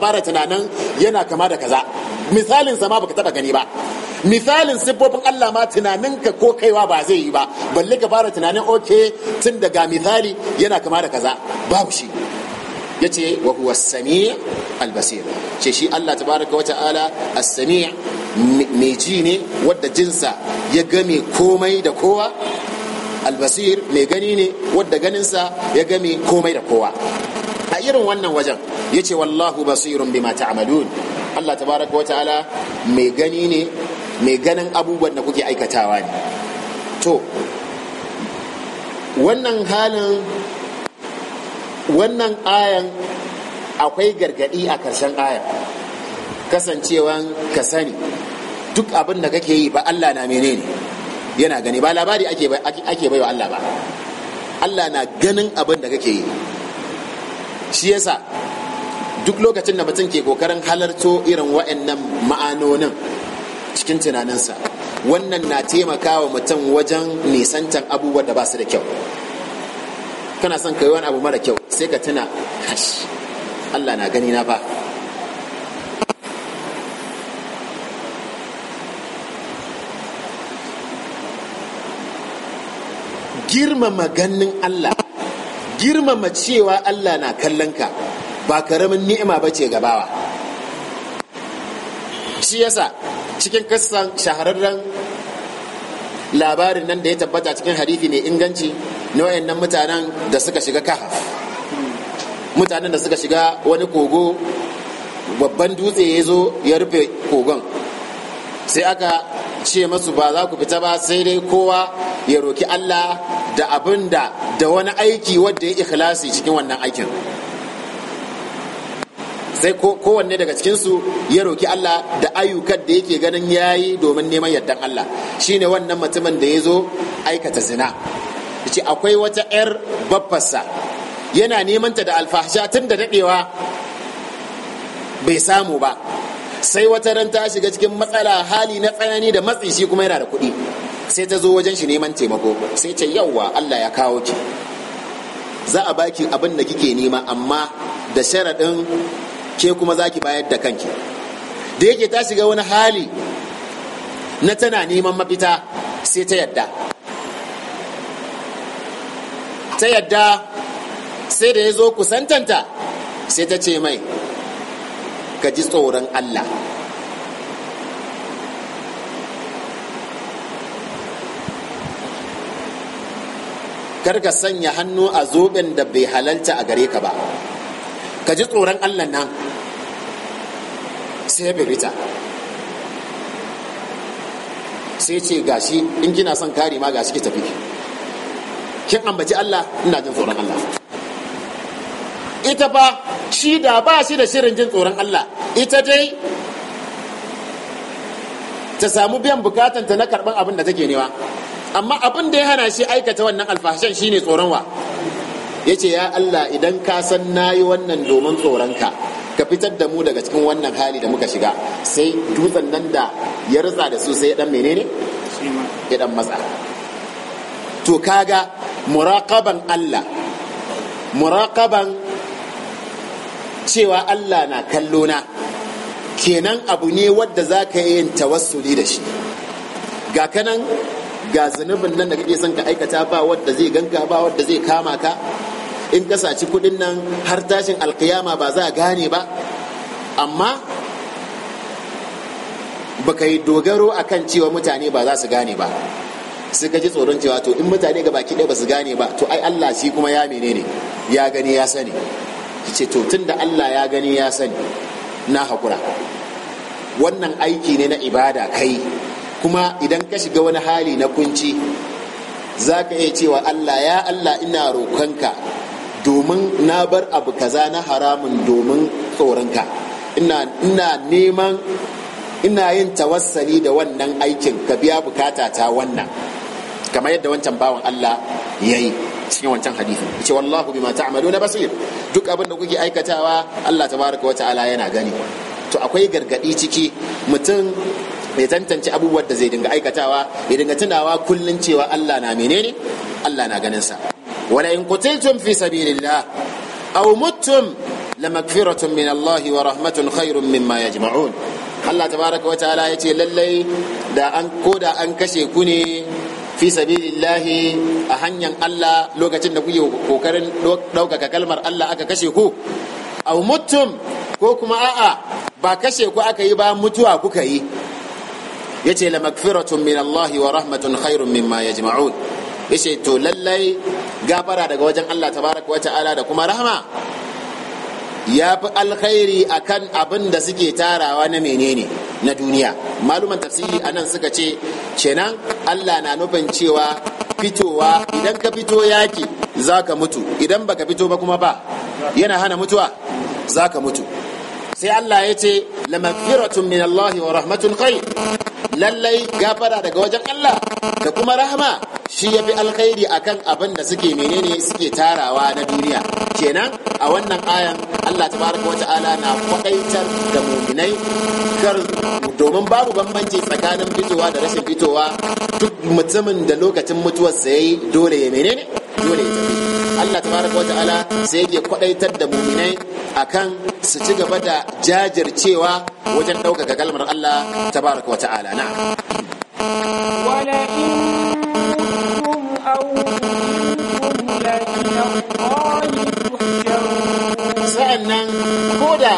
fara tunanin yana kama da kaza sa ma baka taba gani ba misalin siffofin Allah ma tunaninka ko kaiwa ba zai yi ba balle ka fara tunanin oke tun daga misali yana kama da kaza babu shi yace wa huwa sami albasir ce shi Allah tabaraka ta'ala as-sami mai ji ne wadda jinsa ya game komai da kowa albasir mai gani ne wadda ganinsa ya game komai da kowa a irin wannan wajen yace wallahu basirun bima ta'malun Allah tabaraka ta'ala mai gani ne mai ganin abubuwan da kuke aikatawa ne to wannan halin wannan ayan akwai gargaɗi a karshen ayan Kasancewa ka sani duk abin da kake yi ba Allah na menene yana gani ba labari ake bai wa Allah ba Allah na ganin abin da kake yi shi yasa duk lokacin da mutum ke kokarin halarto irin wa'annan ma'anonin cikin tunaninsa wannan na taimakawa mutum wajen nisantar abubuwan da ba su da kyau kana son kai wani abu mara kyau sai ka tuna kash Allah na gani na fa girmama ganin Allah girmama cewa Allah na kallon ka ba karamin ni'ima ba ce gabawa shi yasa cikin kasan shahararren labarin nan da ya tabbata cikin hadithi mai inganci na wayannan mutanen da suka shiga kahaf mutanen da suka shiga wani kogo babban dutse ya zo ya rufe kogon sai aka ce masu ba za ku fita ba sai dai kowa ya roki Allah da abin da da wani aiki wadda ya ikhlasi cikin wannan aikin sai kowanne daga cikinsu ya roki Allah da ayyukan da yake ganin yayi domin neman yardan Allah shine wannan mutumin da ya zo aikata zina ce akwai wata yar baffasa yana nemanta da alfasha, tun da daɗewa bai samu ba sai wata ran ta shiga cikin matsala hali na tsanani da matsi shi kuma yana da kuɗi sai ta zo wajen shi neman taimako sai ce yauwa Allah ya kawo ki za a baki abin da kike nema amma da sharaɗin ke kuma za ki bayar da kanki da yake ta shiga wani hali na tana neman mafita sai ta yadda ta yadda sai da ya zo kusantanta sai ta ce mai ka ji tsoron Allah kar sanya hannu a zoben da bai halalta a gare ka ba ka ji tsoron Allah nan sai bai birita sai ce gashi in kina son kare ma gashi ki tafi kin ambaci Allah ina jin tsoron Allah ita fa shi da ba shi da shirin jin tsoron Allah ita dai ta samu biyan bukatan ta na karban abin da take newa amma abin da ya hana shi aikata wannan shi shine tsoron wa ya ce ya Allah idan ka san na yi wannan domin tsoron ka ka fitar da mu daga cikin wannan hali da muka shiga sai dutsen nan da ya rutsa da su sai ya dan menene ya dan matsa to kaga Muraƙaban Allah muraƙaban cewa Allah na kallo na kenan abu ne wadda za ka yi yin tawassuli da shi ga kanan ga zunubin nan da kake son ka aikata ba wadda zai ganga ba wadda zai kama ka in ka saci kudin nan har tashin alkiyama ba za a gane ba amma baka yi dogaro akan cewa mutane ba za su gane ba sai ji tsoron cewa to in mutane ga baki ɗaya ba su gane ba to ai Allah shi kuma ya menene ya gani ya sani ce to tun da Allah ya gani ya sani na haƙura wannan aiki ne na ibada kai kuma idan ka shiga wani hali na kunci za ka iya cewa Allah ya Allah ina roƙonka domin na bar abu kaza na haramun domin tsoronka ina neman ina yin tawassali da wannan aikin ka biya bukata ta wannan kamar yadda wancan bawan Allah ya yi cikin wancan hadithin ce wallahu bima ta'maluna basir duk abin da kuke aikatawa Allah tabaraka wa ta'ala yana gani to akwai gargadi ciki mutum ya tantance abubuwan da zai dinga aikatawa ya dinga tunawa kullun cewa Allah na menene Allah na ganin sa wala in qutiltum fi sabilillah aw muttum lamakfiratun min Allah wa rahmatun khairun mimma yajma'un Allah tabaraka wa ta'ala yace lallai da an koda an kashe ku ne fi sabilillahi a hanyar Allah lokacin da kuke kokarin ɗaukaka kalmar Allah aka kashe ku aw mutum ko kuma a'a ba kashe ku aka yi ba mutuwa kuka yi yace la magfiratun min Allah wa rahmatun khairun mimma yajma'un yace to lallai gafara daga wajen Allah tabaraka wa ta'ala da kuma rahma ya fi alkhairi kan abin da suke tarawa na menene na duniya maluman tafsiri a nan suka ce kenan Allah na nufin cewa fitowa idan ka fito yaki ka mutu idan baka fito ba kuma ba yana hana mutuwa za ka mutu sai Allah ya ce la magfiratun min Allah wa rahmatun kai lallai gafara daga wajen Allah da kuma rahama shi yafi alkhairi akan abin da suke menene suke tarawa na duniya kenan a wannan ayan Allah tabaraka wa ta'ala na faɗaitar da muminai kar domin babu bambanci tsakanin fitowa da rashin fitowa duk mutumin da lokacin mutuwarsa yayi dole ya menene dole ya tafi Allah tabaraka wata ala sai yake kwadaitar da muminai akan su ci gaba da jajircewa wajen ɗaukaka kalmar Allah tabaraka wata ala na sa'annan ko da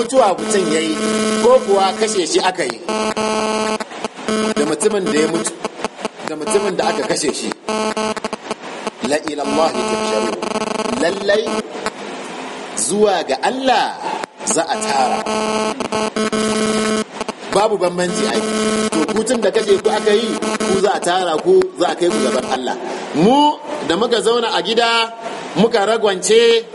mutuwa mutum ya yi ko kuwa kashe shi aka yi da mutumin da ya mutu da mutumin da aka kashe shi la ilallahi Allah lallai zuwa ga Allah za a tara babu bambanci ai to kutun da kake ku aka yi ku za a tara ku za a kai ku gaban Allah mu da muka zauna a gida muka ragwance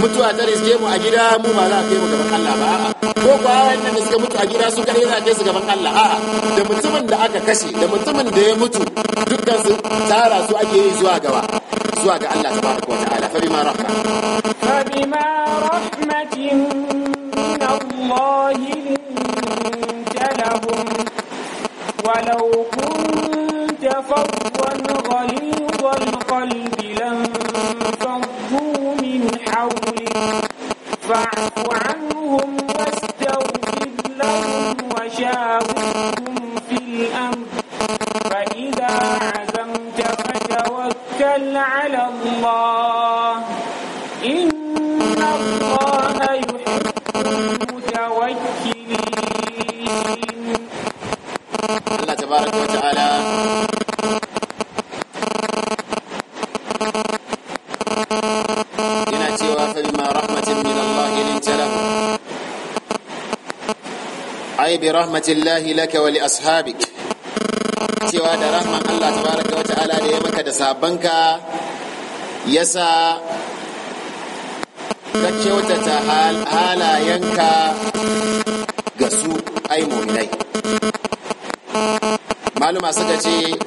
mutuwa ta riske mu a gida mu ba za a kai mu gaban Allah ba a'a ko ko wannan da suka mutu a gida su kare za a kai su gaban Allah a'a da mutumin da aka kashe da mutumin da ya mutu dukkan su tara su ake yi zuwa gaba zuwa ga Allah tabaraka wa ta'ala fa bima rahma fa bima rahmatin min Allah lahum ولو كنت فظا غليظ القلب لم فاعف عنهم واستغفر لهم وشاورهم في الأمر فإذا عزمت فتوكل على الله إن الله يحب المتوكلين الله تبارك وتعالى bi rahmatillahi laka wa li ashabik cewa da rahman Allah tabaraka wa ta'ala da ya maka da sabanka yasa ka kyautata halayenka ga su ai muminai maluma suka ce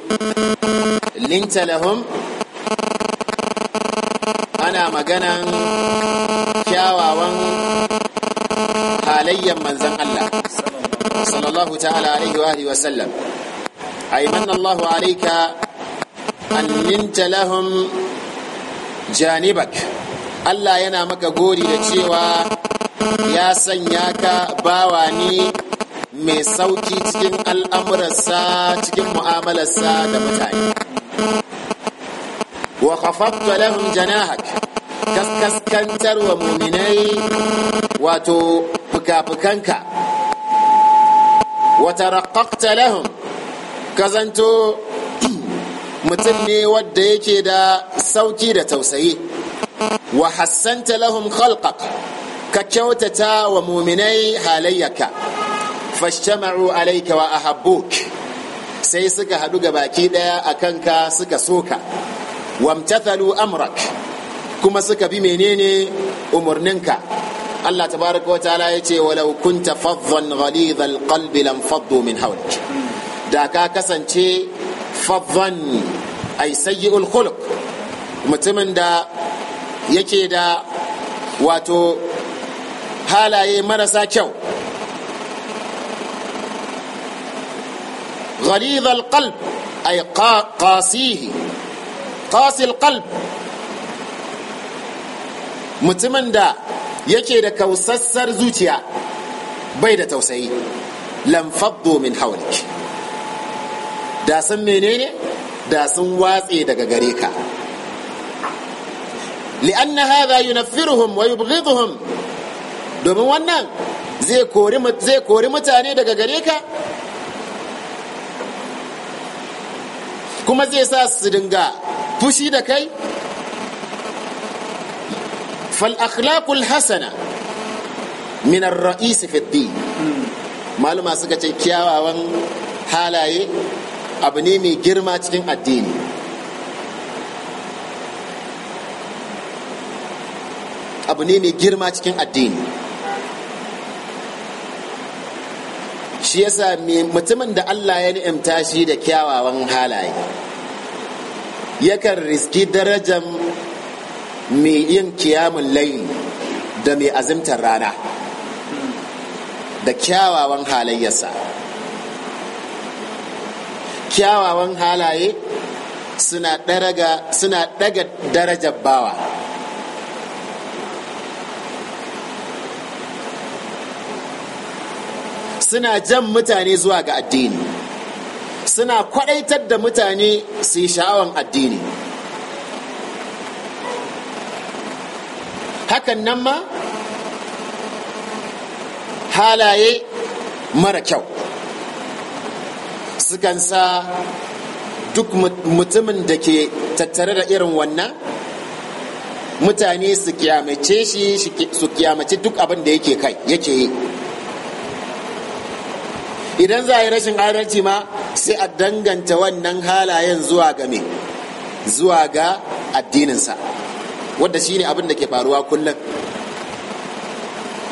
linta lahum ana maganan kyawawan halayyar manzan Allah صلى الله تعالى عليه وآله وسلم أي من الله عليك أن ننت لهم جانبك Allah yana maka gori da cewa ya sanya ka bawa ne mai sauki cikin al'amuransa cikin mu'amalarsa da mutane. Wa kafafta lahum janahak kaskaskantar wa muminai wato fuka-fukanka وترققت لهم كزنتو متني ود يكي دا سوكي دا توسي وحسنت لهم خلقك ككوتتا ومؤمني حاليك فاجتمعوا عليك وأحبوك سي سكا هدوغا باكي دا أكنكا سكا سوكا وامتثلوا أمرك كما سكا بمينيني أمرننكا Allah tabaraka wa ta'ala ya ce walau kunta faddan ghalidhal qalbi lam faddu min hawlik da ka kasance faddan ay sayyi'ul khuluq mutumin da yake da wato halaye marasa kyau ghalidhal qalb ay qasihi qasil qalb mutumin da yake da kausassar zuciya bai da tausayi lamfaddo min hawlik da sun menene da sun watse daga gare ka li'an na haza yunaffiruhum wa yubghiduhum domin wannan zai kori zai kori mutane daga gare ka kuma zai sa su dinga fushi da kai فالاخلاق الحسنه hasana الرئيس في الدين fi din maluma suka ce kyawawan halaye abu ne mai girma cikin addini abu ne mai girma cikin addini shi yasa mutumin da Allah ya ni'imta shi da kyawawan halaye yakan riski darajar mai yin kiyamun layi da mai azimtar rana da kyawawan halayyarsa kyawawan halaye suna ɗaga darajar bawa suna jan mutane zuwa ga addini suna kwadaitar da mutane su yi sha'awan addini hakan nan ma halaye mara kyau sukan sa duk mutumin da ke tattare da irin wannan mutane su kyamace shi su kyamace duk abin da yake kai yake yi idan za a yi rashin adalci ma sai a danganta wannan halayen zuwa game, zuwa ga addininsa wadda shi ne abin da ke faruwa kullum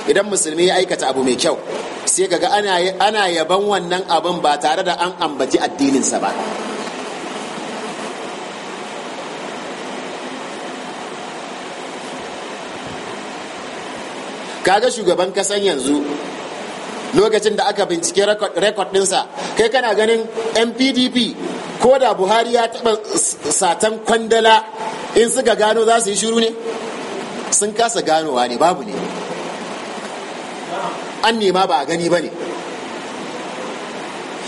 idan musulmi ya aikata abu mai kyau sai kaga ana yaban wannan abin ba tare da an ambaci addininsa ba kaga shugaban kasan yanzu lokacin da aka bincike rekod ɗinsa kai kana ganin mpdp ko da buhari ya taɓa satan kwandala in suka gano za su yi shiru ne sun kasa ganowa ne babu ne an nema ba a gani ba ne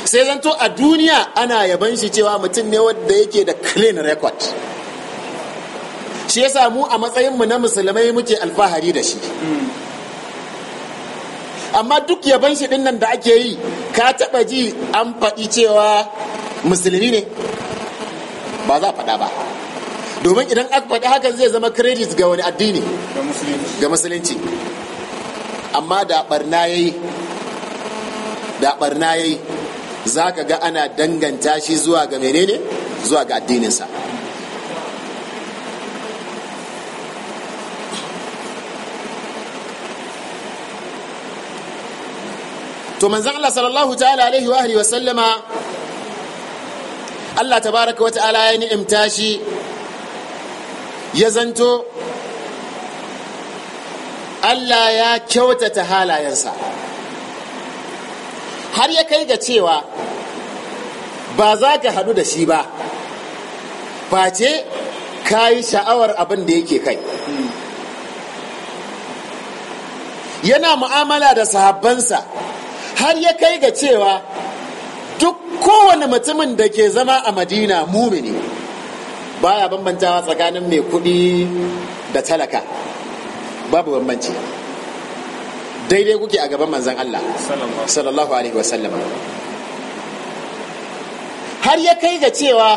sai zanto a duniya ana yaban shi cewa mutum ne wadda yake da clean record shi yasa mu a matsayinmu na musulmai muke alfahari da shi amma duk yaban shi ɗinnan nan da ake yi ka taba ji an faɗi cewa musulmi ne ba za a faɗa ba domin idan aka faɗi hakan zai zama credit ga wani addini ga musulunci amma da barna ya yi da barna ya yi za ka ga ana danganta shi zuwa ga menene zuwa ga addininsa to manzan Allah sallallahu ta'ala alaihi wa sallama Allah tabaraka wata wata ya ni'imta shi ya zanto Allah ya kyautata halayensa har ya kai ga cewa ba za ka hadu da shi ba face ka yi sha'awar abin da yake kai yana mu'amala da sahabbansa har ya kai ga cewa duk kowane mutumin da ke zama a madina mumini ya bambantawa tsakanin mai kuɗi da talaka babu bambanci daidai kuke a gaban manzan Allah sallallahu alaihi wasallam har ya kai ga cewa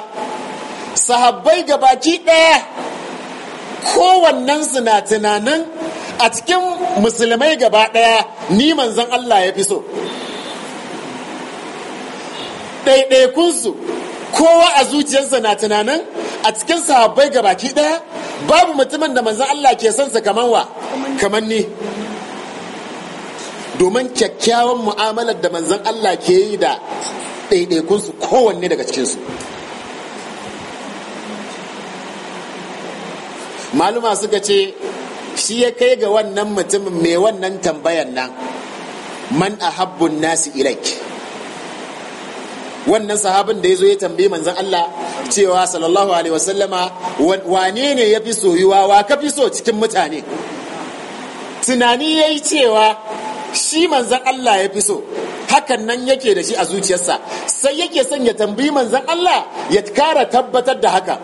sahabbai gabaki ɗaya su na tunanin a cikin musulmai gaba ɗaya ni manzan Allah ya fi so ɗaiɗaikunsu kowa a zuciyarsa na tunanin a cikin sahabbai ga baki ɗaya babu mutumin da manzan Allah ke sansa kamar wa kaman ni domin kyakkyawan mu'amalar da manzan Allah ke yi da ɗaiɗaikunsu kowanne daga cikinsu maluma suka ce shi ya kai ga wannan mutumin mai wannan tambayan nan man ahabbun nasi ilaik wannan sahabin da ya zo ya tambayi manzan Allah cewa sallallahu alaihi wasallama wane ne ya fi soyuwa wa ka fi so cikin mutane tunani ya yi cewa shi manzan Allah ya fi so hakan nan yake da shi a zuciyarsa sai yake son ya tambayi manzan Allah ya kara tabbatar da haka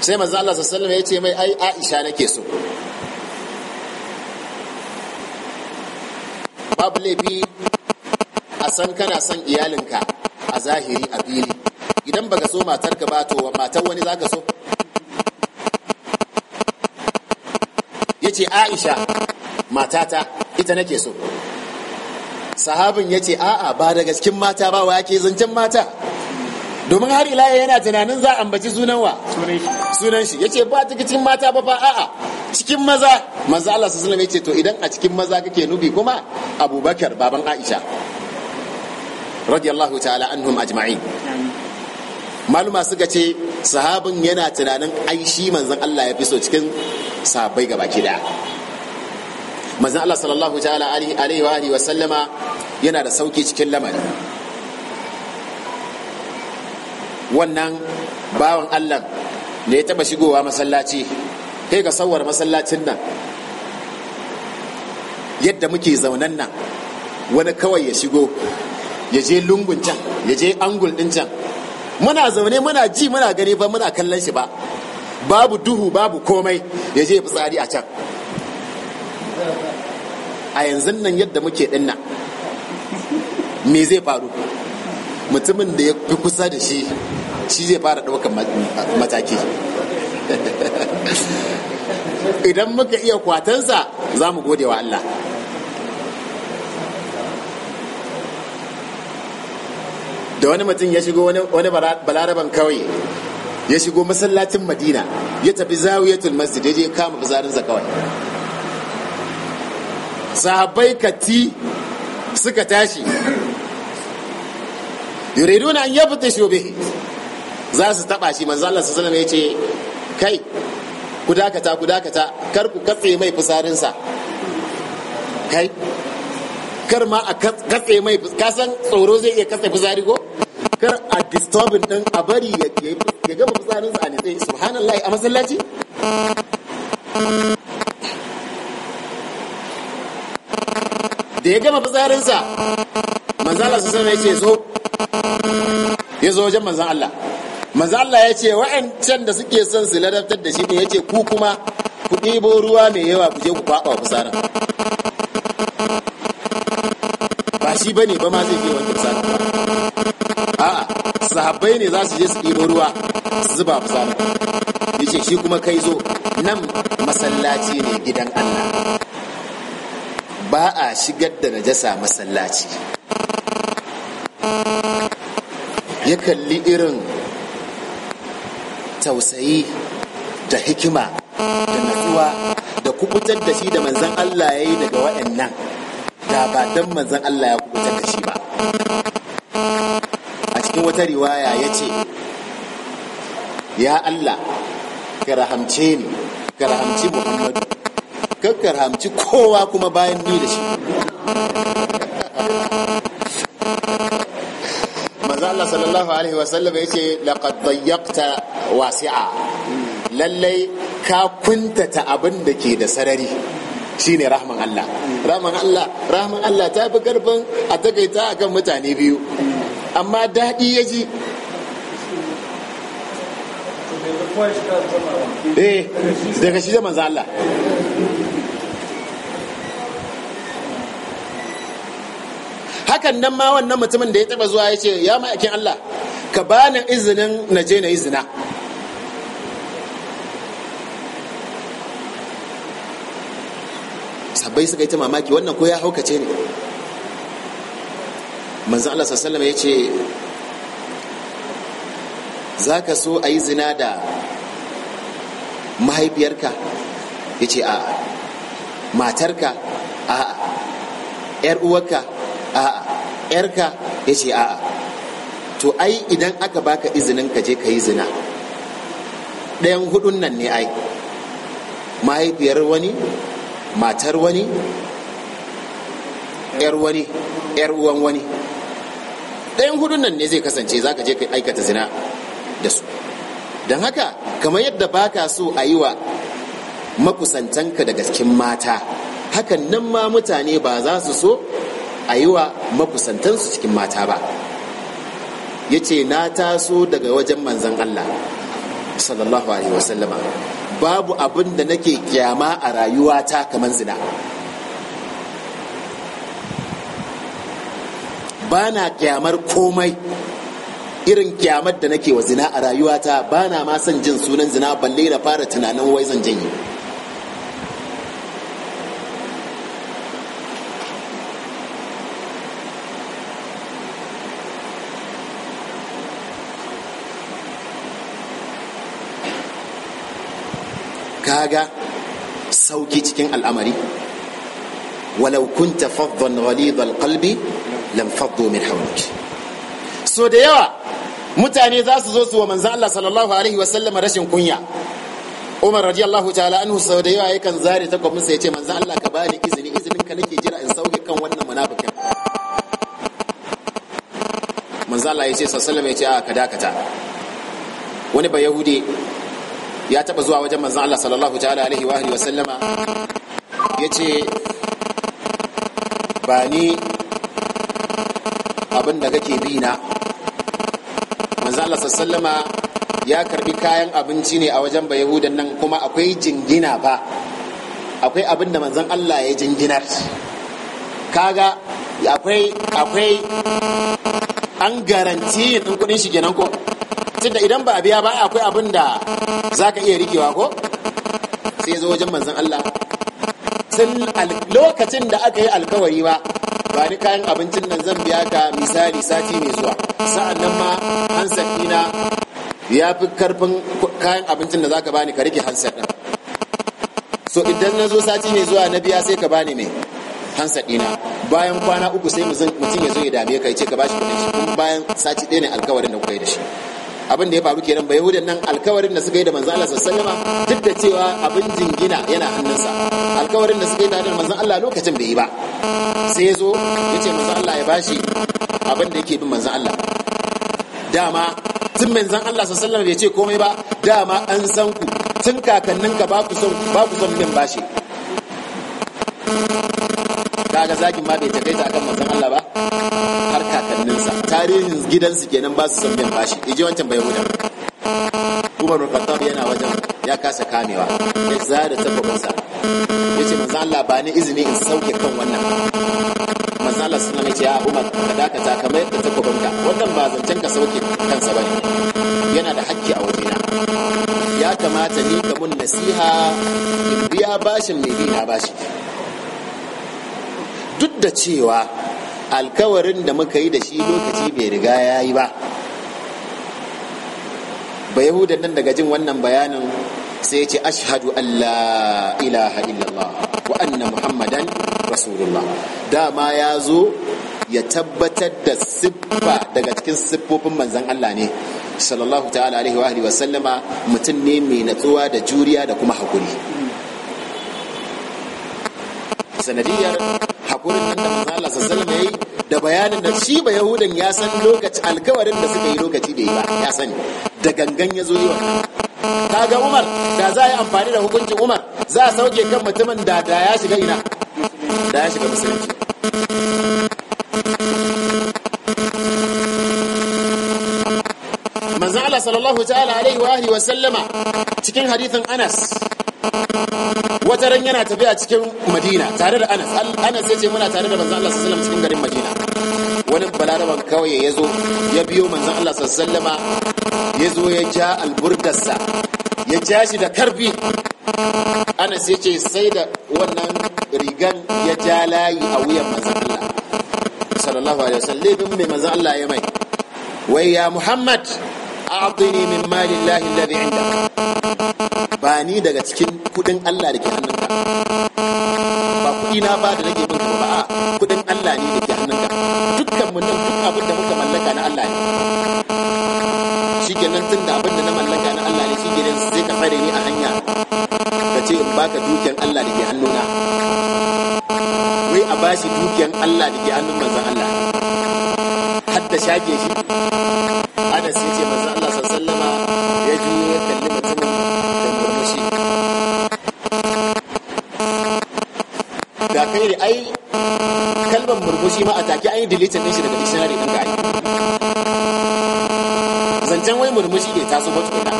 sai manzan Allah sallallahu alaihi ya ce mai ai Aisha nake so babu laifi ka san kana son iyalinka a zahiri a fili idan baka so matarka ba to matar wani zaka so yace Aisha matata ita nake so sahabin yace a'a ba daga cikin mata ba wa yake zancen mata domin har ila yana tunanin za a ambaci sunan wa sunan shi yace ba ta cikin mata ba fa a'a cikin maza Maza Allah sallallahu alaihi wasallam yace to idan a cikin maza kake nubi kuma Abubakar baban Aisha radiyallahu ta'ala anhum ajma'in maluma suka ce sahabin yana tunanin ai shi manzon Allah ya fi so cikin sahabbai gaba ki daya manzon Allah sallallahu ta'ala alaihi wa alihi wa sallama yana da sauki cikin lamari wannan bawan Allah da ya taba shigowa masallaci kai ga sawar masallacin nan yadda muke zaunan nan wani kawai ya shigo ya je lungun can ya je angul din can muna zaune muna ji muna gani ba muna kallon shi ba babu duhu babu komai ya je fitsari a can a yanzu nan yadda muke dinna me zai faru mutumin da ya fi kusa da shi shi zai fara ɗaukar mataki [LAUGHS] idan muka iya kwatansa za mu gode wa Allah da wani mutum ya shigo wani balaraban kawai ya shigo masallacin madina ya tafi zawiyatul masjid ya je kama sa kawai sahabbai kati suka tashi na an fita shobe za su taba shi manzo Allah sallallahu alaihi wasallam yace kai ku dakata ku dakata kar ku katse mai sa kai kar ma a katse mai kasan tsoro zai iya katse fuzari ko kar a disturbing din a bari ya gama fitsarin sa ne sai subhanallah a masallaci da ya gama fitsarin sa manzala su sai ce zo ya zo wajen manzan Allah manzan Allah ya ce wa'ancan da suke son su ladabtar da shi ne ya ce ku kuma ku ɗibo ruwa mai yawa ku je ku kwaɓa fitsarin shi bane ba ma zai kai wankin ba. a'a sahabbai ne za su je su ɗibo ruwa su zuba sanuwa ce shi kuma kai zo nan masallaci ne gidan Allah ba a shigar da najasa masallaci ya kalli irin tausayi da hikima da natsuwa da kubutar da shi da manzan Allah ya yi daga waɗannan da ba dan manzon Allah ya kubutar da shi ba a cikin wata riwaya ya ce ya Allah ka rahamce ni ka rahamci Muhammadu ka ka rahamci kowa kuma bayan ni da shi manzo Allah sallallahu alaihi wasallam ya ce laqad dayyaqta wasi'a lallai ka kuntata abin da ke da sarari shine rahman Allah rahman Allah rahman Allah ta fi karfin a takaita akan mutane biyu amma daɗi ya ji eh daga shi zama Allah hakan nan ma wannan mutumin da ya taba zuwa ya ce ya ma'aikin Allah ka bani izinin na je na izina sabai suka yi ta mamaki wannan ko ya haukace ne manzan Allah ya ce za ka so a yi zina da mahaifiyarka ya ce a matarka a ‘yar uwarka a ‘yarka ya ce a to ai idan aka baka izinin ka je ka yi zina ɗayan hudun nan ne ai mahaifiyar wani matar wani yar wani yar uwan wani ɗayan hudun nan ne zai kasance za ka je ka aikata zina da su don haka kamar yadda baka so a yi wa makusantanka daga cikin mata hakan nan ma mutane ba za su so a yi wa makusantansu cikin mata ba ya ce na taso daga wajen manzan Allah sallallahu alaihi wasallama babu abin da nake kyama a rayuwata kamar zina ba na kyamar komai irin kyamar da nake wa zina a rayuwata ba na ma son jin sunan zina balle na fara tunanin wai zan janye kaga sauki cikin al'amari walau kunta faddan ghalidhal qalbi lam faddu min hawlik so da yawa mutane za su zo su wa manzon Allah sallallahu alaihi wasallam rashin kunya Umar radiyallahu ta'ala anhu sau da yawa yakan zare takwabin sa ce manzon Allah ka bani izini izinin ka nake jira in sauke kan wannan munafikin manzon Allah yace sallallahu alaihi ya yace a ka dakata wani ba yahudi ya taba zuwa wajen manzan Allah sallallahu ta'ala alaihi wa alihi wa sallama yace ba ni abin da kake bi na Manzan Allah sallama ya karbi kayan abinci ne a wajen bayahudan nan kuma akwai jingina ba akwai abin da manzan Allah ya jinginar kaga akwai akwai an garanti in kuɗin shi kenan ko tunda idan ba a biya ba akwai abin da zaka iya rikewa ko sai zo wajen manzan Allah tun lokacin da aka yi alkawari ba ba ni kayan abincin nan zan biya ka misali sati mai zuwa sa'an nan ma hansar dina ya fi karfin kayan abincin da zaka bani ka rike hansar din so idan na zo sati mai zuwa na biya sai ka bani mai hansa dina bayan kwana uku sai mutum ya zo ya dame ka ya ce ka bashi kuɗin shi kuma bayan sati ɗaya ne alkawarin da kuka yi da shi abin da ya faru kenan ba yahudan nan alkawarin da suka yi da manzan Allah sassan alaihi duk da cewa abin jingina yana hannunsa alkawarin da suka yi da manzan Allah lokacin bai yi ba sai ya zo ya ce manzan Allah ya bashi abin da yake bin manzan Allah dama tun manzan Allah sassan bai ce komai ba dama an san ku tun kakannin ba ku son ba ku son bin bashi kaga zagin ma bai takaita akan manzon Allah ba har kakanninsa tarihin gidansu kenan ba su san bin bashi ije wancan bai hudan Umar bin Khattab yana wajen ya kasa kamewa ya zara tabbabinsa ya ce manzon Allah ba ni izini in sauke kan wannan manzon Allah suna ne ce ya Umar ka dakata kamar yadda tabbabinka wannan ba zancen ka sauke kansa bane yana da hakki a wajena ya kamata ni ka mun nasiha in biya bashin mai bina bashi duk da cewa alkawarin da muka yi da shi lokaci bai riga ya yi ba ba yahudan nan daga jin wannan bayanin sai ce ashadu Allah ilaha illallah wa anna muhammadan rasulullah dama ya zo ya tabbatar da siffa daga cikin siffofin manzan Allah ne sallallahu ta'ala alaihi wa wa sallama mutum ne mai natsuwa da juriya da kuma hakuri sanadiyar hakurin nan da manzo Allah sallallahu alaihi yi da bayanin da shi ba yahudan ya san lokaci alkawarin da suka yi lokaci da ba ya sani da gangan ya zo yi wa kaga Umar da za a yi amfani da hukuncin Umar za a sauke kan mutumin da da ya shiga ina da ya shiga musulunci Allah sallallahu ta'ala alaihi wa alihi wa sallama cikin hadithin Anas wata ran yana tafiya cikin Madina tare da Anas Anas yace muna tare da manzon Allah sallallahu alaihi cikin garin Madina wani balaraban kawai ya zo ya biyo manzon Allah sallallahu alaihi ya zo ya ja alburdarsa ya ja shi da karfi Anas yace sai da wannan rigan ya ja layi a wuyan manzon Allah sallallahu alaihi mai manzon Allah ya mai wai ya Muhammad a'tini min mali Allah alladhi indaka ba ni daga cikin kudin Allah da ke hannunka ba kudi na ba da nake bin ba kudin Allah ne da ke hannunka dukkan mu duk abin da muka mallaka na Allah ne shikenan tun da abin da na mallaka na Allah ne shikenan sai ka fare ni a hanya ka ce in baka dukiyar Allah da ke hannuna wai a bashi dukiyar Allah da ke hannun manzon Allah har da shage shi Anas sai ce manzon ai kalmar murmushi ma a take an yi deleting din shi daga dictionary din ga zancen wai murmushi ke taso ba tukuna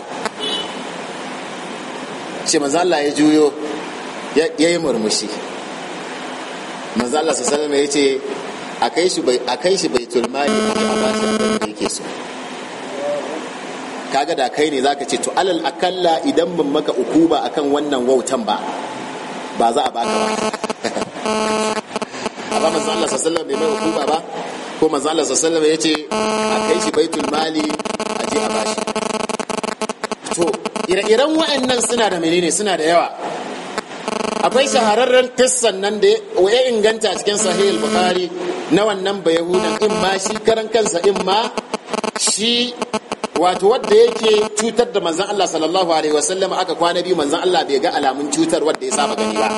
shi manzo Allah ya juyo ya yi murmushi manzo Allah sallallahu alaihi wasallam ya ce a kai shi bai a kai shi bai a ba shi abin da yake so kaga da kai ne zaka ce to alal akalla idan mun maka ukuba akan wannan wautan ba ba za a baka ba [LAUGHS] amma manzo Allah sallallahu alaihi wasallam bai mai hukuma ba ko manzo Allah sallallahu alaihi wasallam yace a kai shi baitul mali a je a bashi to ire-iren wa'annan suna da menene suna da yawa akwai shahararren kissan nan da ya inganta cikin sahih al-bukhari na wannan bayahudan in ma shi karan kansa in ma shi wato wadda yake cutar da manzan Allah sallallahu alaihi wasallam aka kwana biyu manzan Allah bai ga alamun cutar wadda ya saba gani ba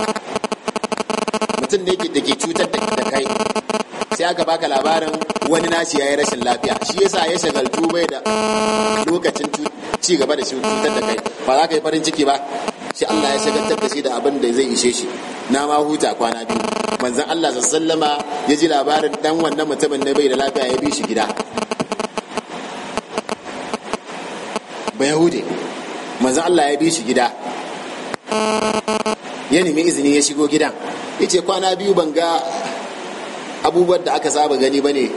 mutum ne da ke cutar da kai sai aka baka labarin wani nashi ya yi rashin lafiya shi yasa ya shagal tubai da lokacin ci gaba da cutar da kai ba za ka yi farin ciki ba shi Allah ya shagaltar da shi da abin da zai ishe shi na ma huta kwana biyu manzon Allah sallama ya ji labarin dan wannan mutumin ne bai da lafiya ya bi shi gida ba yahude manzon Allah ya bi shi gida ya nemi izini ya shigo gidan ya ce kwana biyu ban ga abubuwan da aka saba gani ba ne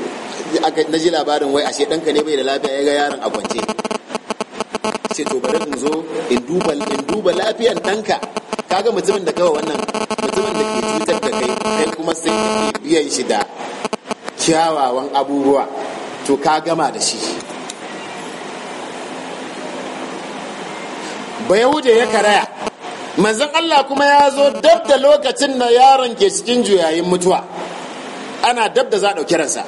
na ji labarin wai ashe ɗanka ne bai da lafiya ya ga yaron a kwance ce to bari in zo in duba lafiyan ɗanka kaga mutumin da kawai wannan mutumin da ke cutar da kai kai kuma sai yi biyan shi da kyawawan abubuwa to ka gama da shi bayahude ya karaya manzon Allah kuma ya zo dab da lokacin da yaron ke cikin juyayin mutuwa ana dab da za a ɗauki ransa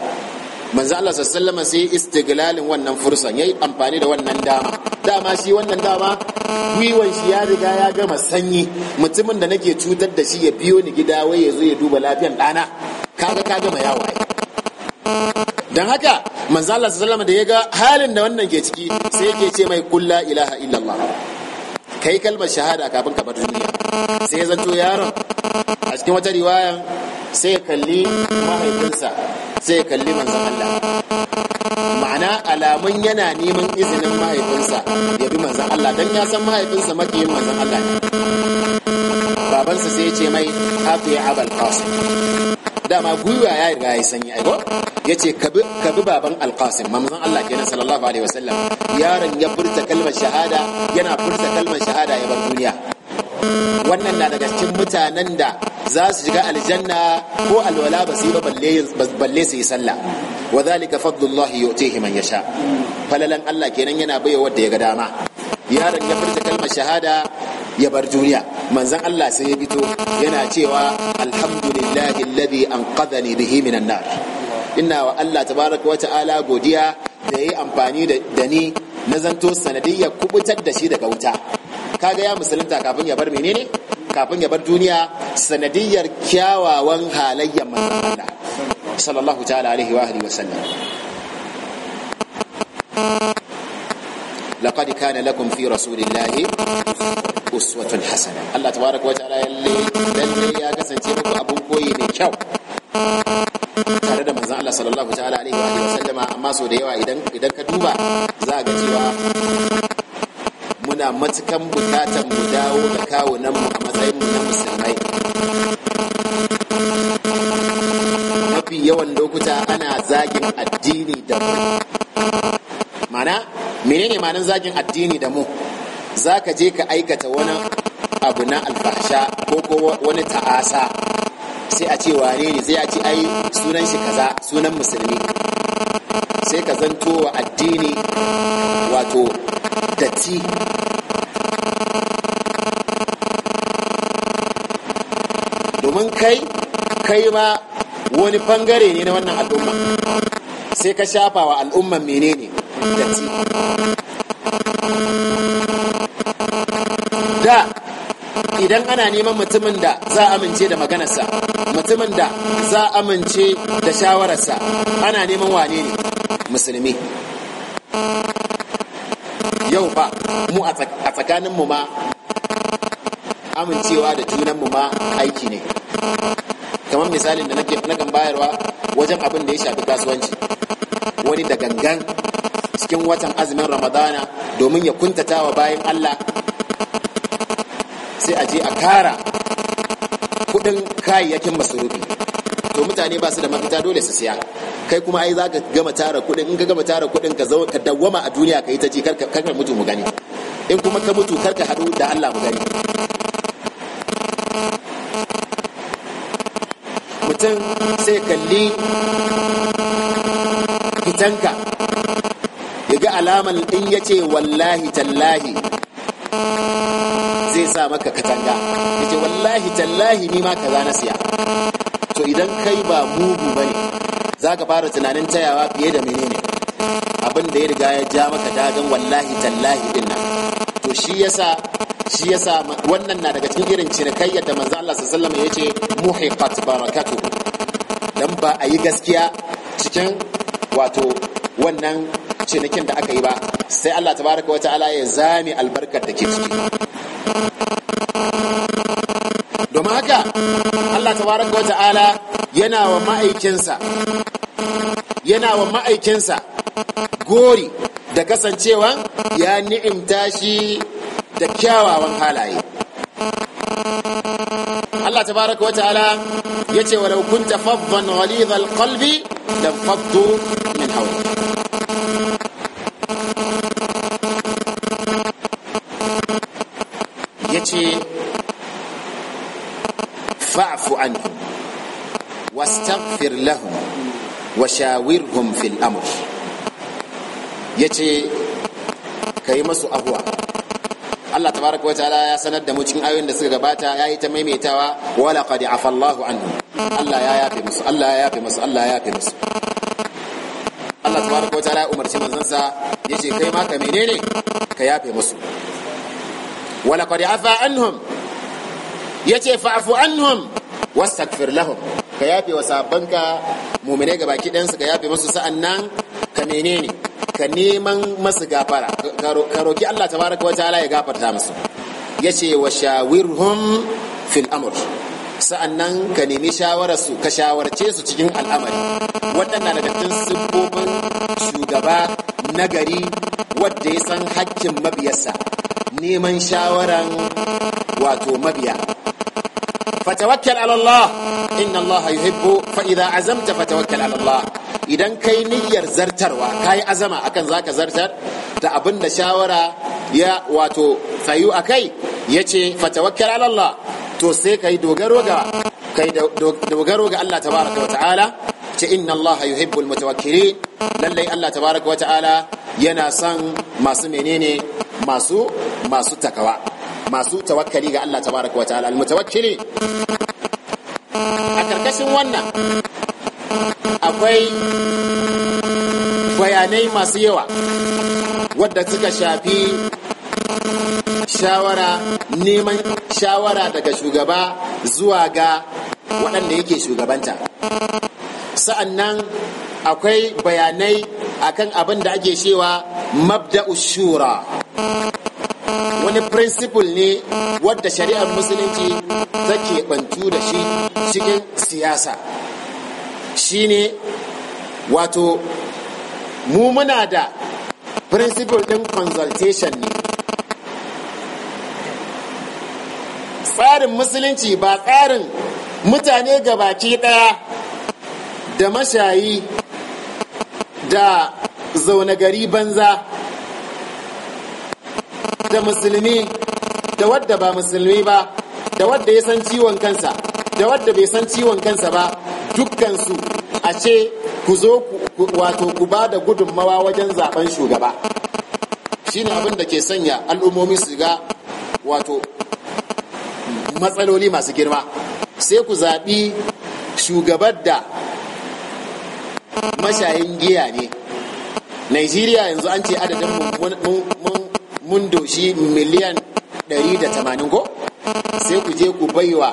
manzon Allah sallama sai istiglalin wannan fursan yayi amfani da wannan dama dama shi wannan dama gwiwan shi ya riga ya gama sanyi mutumin da nake cutar da shi ya biyo ni gida wai ya zo ya duba lafiyan ɗana kaga ka gama yawaye don haka manzon Allah sallama da ya ga halin da wannan ke ciki sai yake ce mai kulla ilaha illallah kai kalmar shahada kafin ka bar duniya sai ya zanto yaron a cikin wata riwaya sai ya kalli mahaifinsa sai ya kalli manzan Allah ma'ana alamun yana neman izinin mahaifinsa ya bi manzan Allah dan ya san mahaifinsa makiyin manzan Allah ne babansa sai ya ce mai afi abal dama gwiwa ya riga ya sanyi aiko ya ce ka bi baban alkasim mamzan Allah kenan sallallahu alaihi wasallam yaron ya furta kalmar shahada yana furta kalmar shahada ya bar duniya wannan na daga cikin mutanen da za su shiga aljanna ko alwala ba su yi ba balle su yi sallah wa zalika fadlullahi yu'tihi man yasha falalan Allah kenan yana baiwa wanda ya ga dama yaron ya furta kalmar shahada ya bar duniya manzon Allah sai ya fito yana cewa alhamdu lillahi alladhi anqadhani bihi minan wa Allah tabaraka wata ala godiya da yayi amfani da ni na zanto sanadiyyar kubutar da shi daga wuta ka gaya musulunta kafin ya bar menene kafin ya bar duniya sanadiyyar kyawawan halayyar manzon Allah sallallahu wa alihi uswatun hasana Allah tabaraka wataala yalle lalle ya kasance muku abun koyi mai kyau tare da manzon Allah sallallahu ta'ala alaihi wa sallama amma so da yawa idan idan ka duba za ga cewa muna matukan bukatan mu dawo da kawunan mu a matsayin mu na musulmai mafi yawan lokuta ana zagin addini da mu mana menene ma'anar zagin addini da mu za ka je ka aikata wani abu na alfahsha ko kuma wani ta'asa sai a ce wane ne zai a ce ai sunan shi kaza sunan musulmi sai ka zanto wa addini wato datti domin kai kai ma wani bangare ne na wannan al'umma sai ka shafa wa al'umman menene datti da idan ana neman mutumin da za a amince da maganarsa mutumin da za a amince da shawararsa ana neman wane ne musulmi yau ba mu a tsakaninmu ma amincewa da junanmu ma aiki ne kamar misalin da nake nakan bayarwa wajen abin da ya shafi kasuwanci wani da gangan cikin watan azumin ramadana domin ya kuntata wa bayan allah sai a je a kara kudin kayayyakin masarufi, to mutane ba su da mafita dole su siya kai kuma ai za ka gama tara kudin in ka gama tara kudin ka zo ka dawwama a duniya ka yi ta ji kar ka mutu mu gani in kuma ka mutu kar ka hadu da Allah mu gani mutum sai kalli fitanka ya ga alaman in ya ce wallahi tallahi zai sa maka katanga ya ce wallahi tallahi ni ma kaza na siya to idan kai ba mugu ba ne za ka fara tunanin tayawa fiye da menene abin da ya riga ya ja maka dagan wallahi tallahi din nan to shi yasa shi yasa wannan na daga cikin irin cinikayyar da manzo Allah sallallahu alaihi wasallam ya ce muhiqat barakatu dan ba a yi gaskiya cikin wato wannan cinikin da aka yi ba sai Allah tabaraka wa ta'ala ya zame albarkar da ke ciki domin haka Allah tabaraka wa ta'ala yana wa ma'aikinsa yana wa ma'aikinsa gori da kasancewa ya ni'imta shi da kyawawan halaye Allah tabaraka wa ta'ala yace walau kunta faddan ghalid alqalbi da faddu min hawlik yace fa'fu anhum wastaghfir lahum wa shawirhum fil amr yace kai masu ahwa Allah tabaraka wataala ya sanar da mu cikin ayoyin da suka gabata ya yi ta maimaitawa wala qad Allahu anhu Allah ya yafe musu Allah ya yafe musu Allah ya yafe musu Allah tabaraka wataala ya umarci manzansa yace kai ma ka menene ka yafe musu wala qad afa anhum yace fa'fu anhum wastaghfir lahum ka yafe wa sabanka mu'mine dan su ka yafe musu sa'annan ka menene ka neman masu gafara ka roki Allah tabaraka wataala ya gafarta Ya ce wa shawirhum fil amr sa'annan ka nemi shawarar su ka shawarce su cikin al'amari waɗannan daga cikin siffofin shugaba nagari wadda ya san hakkin mabiyarsa neman shawaran wato mabiya fatawakkal ala Allah inna Allah yuhibbu fa idza azamta fatawakkal ala idan kai niyyar zartarwa kai azama akan zaka zartar da abin da shawara ya wato tsayu akai yace fatawakkal ala to sai kai dogaro ga kai dogaro ga Allah tabaraka wa ta'ala ce inna Allah yuhibbu almutawakkilin lallai Allah tabaraka wa ta'ala yana son masu menene masu masu takawa masu tawakkali ga Allah tabaraka wa ta'ala almutawakkili a karkashin wannan akwai bayanai masu yawa wadda suka shafi shawara neman shawara daga shugaba zuwa ga waɗanda yake shugabanta sa'an nan akwai bayanai akan abin da ake cewa mabda'u shura wani principle ne wadda shari'ar musulunci ta bantu da shi cikin siyasa shi ne, wato mu muna da principle ɗin consultation ne tsarin musulunci ba tsarin mutane gabaki ɗaya da mashayi da zaune gari banza da musulmi da wadda ba musulmi ba da wadda ya san ciwon kansa da wadda bai san ciwon kansa ba dukkansu a ce ku zo wato ku ba da gudunmawa wajen zaben shugaba shi ne abin da ke sanya al'ummomi su ga wato matsaloli masu girma sai ku zaɓi shugabar da mashayin giya ne nigeria yanzu an ce adadin mun mun doshi miliyan 180 ko sai ku je ku baiwa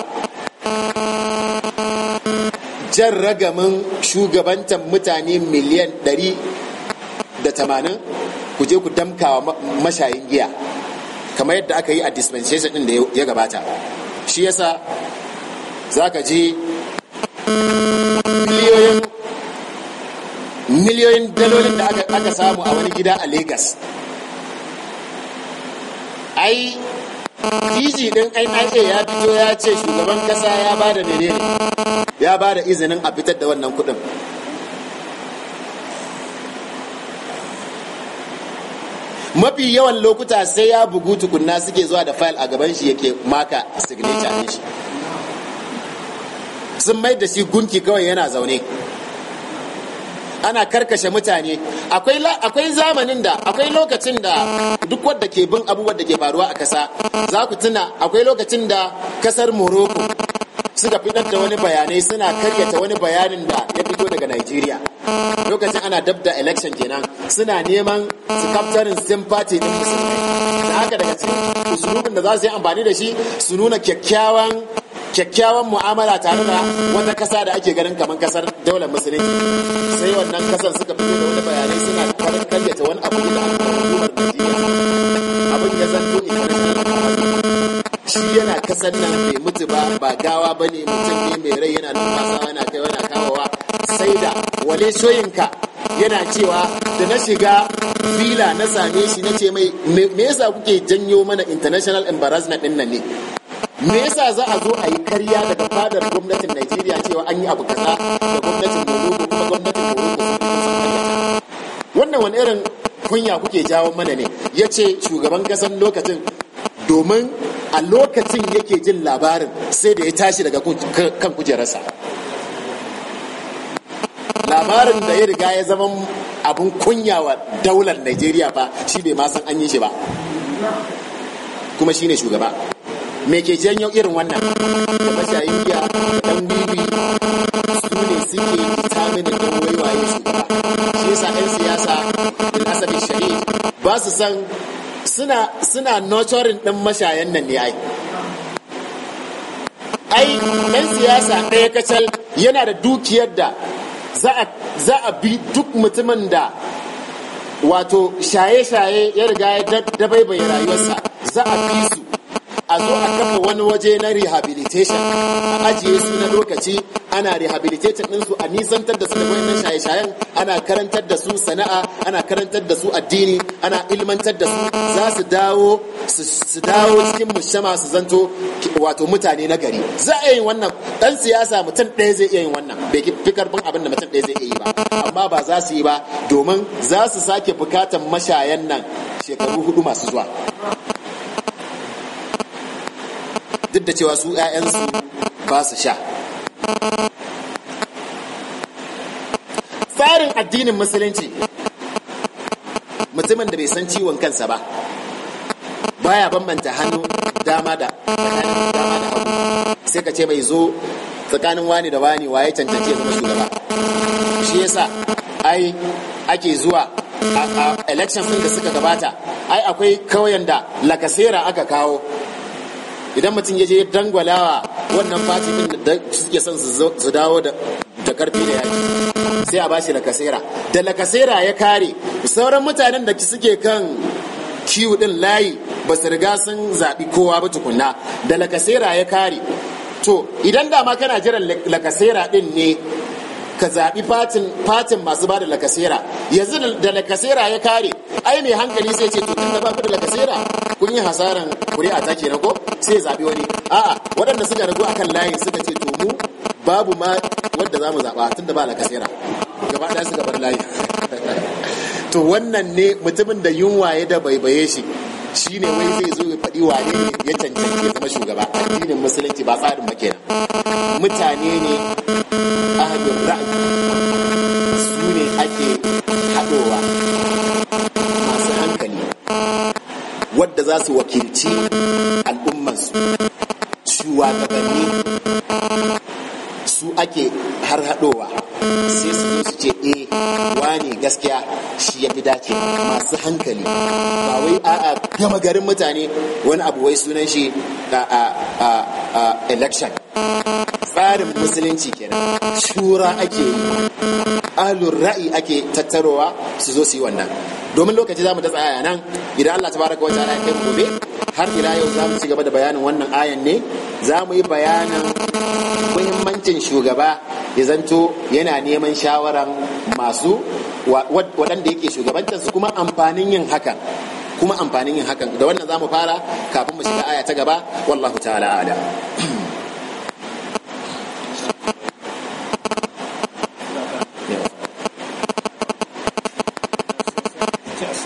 jan ragamin shugabantar mutane miliyan 180 ku je ku damkawa mashayin giya kamar yadda aka yi a dispensation din da ya gabata shi yasa za ka ji miliyoyin dalolin da aka samu a wani gida a Legas? ai jiji din ce ya fito ya ce shugaban kasa ya ba da menene ya ba da izinin a fitar da wannan kudin mafi yawan lokuta sai ya bugu tukunna suke zuwa da fayil a gaban shi yake maka signature shi sun mai da shi gunki kawai yana zaune ana karkashe mutane akwai zamanin da akwai lokacin da duk wadda ke bin abubuwan da ke faruwa a kasa za ku tuna akwai lokacin da kasar morocco suka fitar da wani bayanai suna karyata wani bayanin da ya fito daga nigeria lokacin ana dab da election kenan suna neman su kaftarin sympathy din musulmai da haka daga cikin usulubin da za su yi amfani da shi su nuna kyakkyawan kyakkyawan mu'amala tare da wata kasa da ake ganin kamar kasar daular musulunci sai wannan kasan suka fito da wani bayanai suna karkaryata wani abu da al'ummar Najeriya abin ya zanto shi yana kasan nan bai mutu ba ba gawa ba ne mutum ne mai rai yana numfasa yana kai yana kawowa sai da wale soyinka yana cewa da na shiga fila na same shi na ce mai me yasa kuke janyo mana international embarrassment din nan ne me yasa za a zo a yi karya daga fadar gwamnatin Najeriya cewa an yi abu kaza da gwamnatin Morocco kuma gwamnatin Morocco wannan wani irin kunya kuke jawo mana ne ya ce shugaban kasan lokacin domin a lokacin yake jin labarin sai da ya tashi daga kan kujerarsa labarin da ya riga ya zama abin kunya wa daular najeriya ba shi bai ma san an yi shi ba kuma shine shugaba me ke janyo irin wannan da mashayin giya da dan bibi su ne suke taminin da waiwaye su ba shi yasa yan siyasa da da shari'a ba su san suna suna nurturing din mashayan nan ne ai ai ɗan siyasa ɗaya kacal yana da dukiyar da za a bi duk mutumin da wato shaye-shaye ya riga ya dabaibaye rayuwarsa za a bi su a zo a kafa wani waje na rehabilitation a ajiye su na lokaci ana rehabilitation ɗinsu a nisantar da su da wayannan shaye-shayen ana karantar da su sana'a ana karantar da su addini ana ilmantar da su za su dawo su dawo cikin mushama su zanto wato mutane na gari za a yi wannan dan siyasa mutum ɗaya zai iya yin wannan bai fi karfin abin da mutum ɗaya zai iya yi ba amma ba za su yi ba domin za su sake bukatan mashayan nan shekaru hudu masu zuwa duk da cewa su 'ya'yansu ba su sha tsarin addinin musulunci mutumin da bai san ciwon kansa ba baya bambanta hannu dama da dama sai ka ce mai zo tsakanin wani da wani waye cancanci ya zama shugaba shi yasa ai ake zuwa a election da suka gabata ai akwai kauyen da lakasera aka kawo idan mutum ya je dangwalawa wannan fati din da suke son su dawo da karfi da yaki sai a bashi lakasera da lakasera ya kare sauran mutanen da suke kan kiwo din layi ba su riga sun zaɓi kowa ba tukunna da lakasera ya kare to idan dama kana jiran lakasera din ne ka zaɓi fatin masu ba da lakasera yanzu da lakasera ya kare ai mai hankali sai ce to da ba da lakasera kun yi hasaran a take na ko sai zaɓi wani a'a waɗanda suka ragu akan layin suka ce to mu babu ma wanda za mu zaɓa tun da ba lakasera gaba ɗaya suka bar layi [LAUGHS] to wannan ne mutumin da yunwa ya da baibaye shi shi ne wai zai zo ya faɗi wane ne ya cancanci ya zama shugaba addinin musulunci ba tsarin ba mutane ne ahlul ra'ayi su ne ake haɗowa masu hankali wadda za su wakilci al'ummarsu shugabanni su ake har haɗowa sai su zo su ce eh wani gaskiya shi ya fi dace masu hankali ba wai a gama garin mutane wani abu wai sunan shi a election tsarin musulunci kenan shura ake yi alun ake tattarowa su zo su yi wannan domin lokaci zamu datsa aya nan idan Allah tabaraka ta'ala ya kai mu gobe har ila yau zamu ci gaba da bayanin wannan ayan ne zamu yi bayanin muhimmancin shugaba ya zanto yana neman shawaran masu waɗanda yake shugabantar su kuma amfanin yin hakan kuma amfanin yin hakan da wannan zamu fara kafin mu shiga aya ta gaba wallahu ta'ala a'lam [CLEARS THROAT]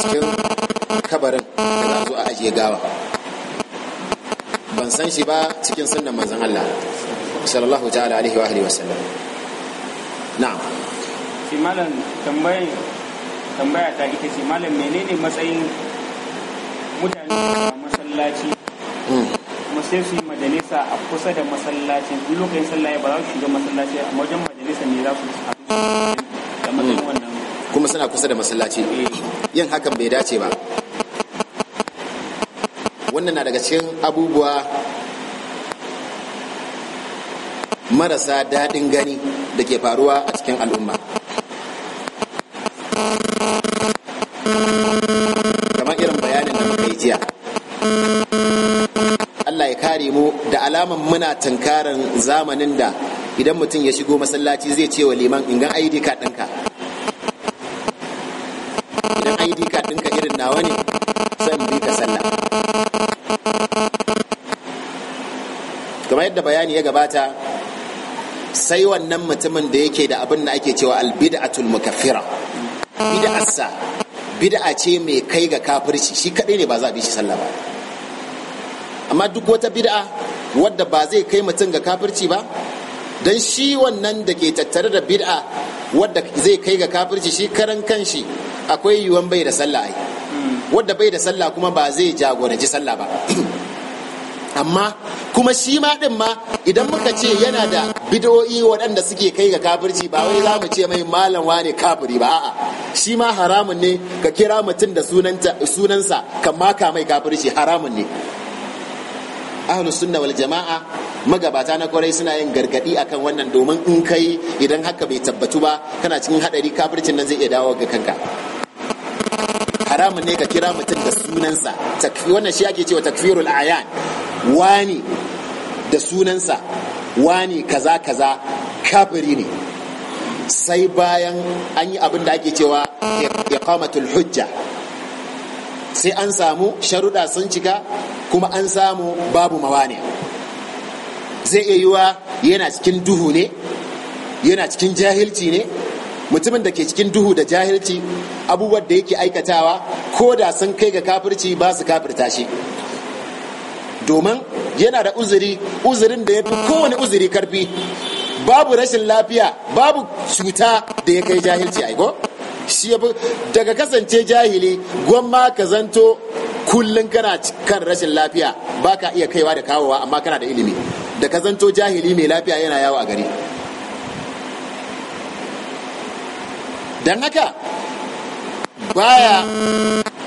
cikin kabarin da za zo a ajiye gawa ban san shi ba cikin sunan manzon Allah sallallahu ta'ala alaihi wa alihi wasallam na'am shi malam tambayan tambaya ta ita shi malam menene matsayin mutane da masallaci hmm. kuma sai su yi majalisa a kusa da masallacin lokacin sallah ya ba za su shiga masallaci a wajen majalisa ne za su kuma suna kusa da masallaci yin hakan bai dace ba wannan na daga cikin abubuwa marasa daɗin gani da ke faruwa a cikin al'umma kamar irin bayanin da muka yi jiya Allah ya kare mu da alaman muna tunkarar zamanin da idan mutum ya shigo masallaci zai ce wa liman in ga ID card ɗinka nawa ne zan bi ka sallah kamar yadda bayani ya gabata sai wannan mutumin da yake da abin da ake cewa albid'atul mukaffira bid'arsa bid'a ce mai kai ga kafirci shi kadai ne ba za a bi shi sallah ba amma duk wata bid'a wadda ba zai kai mutum ga kafirci ba don shi wannan da ke tattare da bid'a wadda zai kai ga kafirci shi karan kanshi akwai yiwuwan bai da sallah ai wanda bai da sallah kuma ba zai jagoranci sallah ba amma kuma shi ma din ma idan muka ce yana da bidoyi waɗanda suke kai ga kafirci ba wai za mu ce mai malam wane kafiri ba a'a shi ma haramun ne ka kira mutum da sunansa kan maka mai kafirci haramun ne ahlus sunna wal jama'a magabata na kwarai suna yin gargadi akan wannan domin in kai idan haka bai tabbatu ba kana cikin hadari kafircin nan zai iya dawo ga kanka haramun ne ka kira mutum da sunansa wannan shi ake cewa takfirul ayan wani da sunansa wani kaza kaza kafiri ne sai bayan an yi abin da ake cewa iqamatul hujja sai an samu sharuɗa sun cika kuma an samu babu mawani zai iya yiwa yana cikin duhu ne yana cikin jahilci ne mutumin da ke cikin duhu da jahilci abubuwan da yake aikatawa ko da sun kai ga kafirci ba su kafirta shi domin yana da uzuri uzurin da ya fi kowane uzuri karfi babu rashin lafiya babu cuta da ya kai jahilci aiko shi ya daga kasance jahili gwamma ka zanto kullum kana kan rashin lafiya ba ka iya kaiwa da kawowa amma kana da ilimi da ka zanto jahili mai lafiya yana yawo a gari don haka baya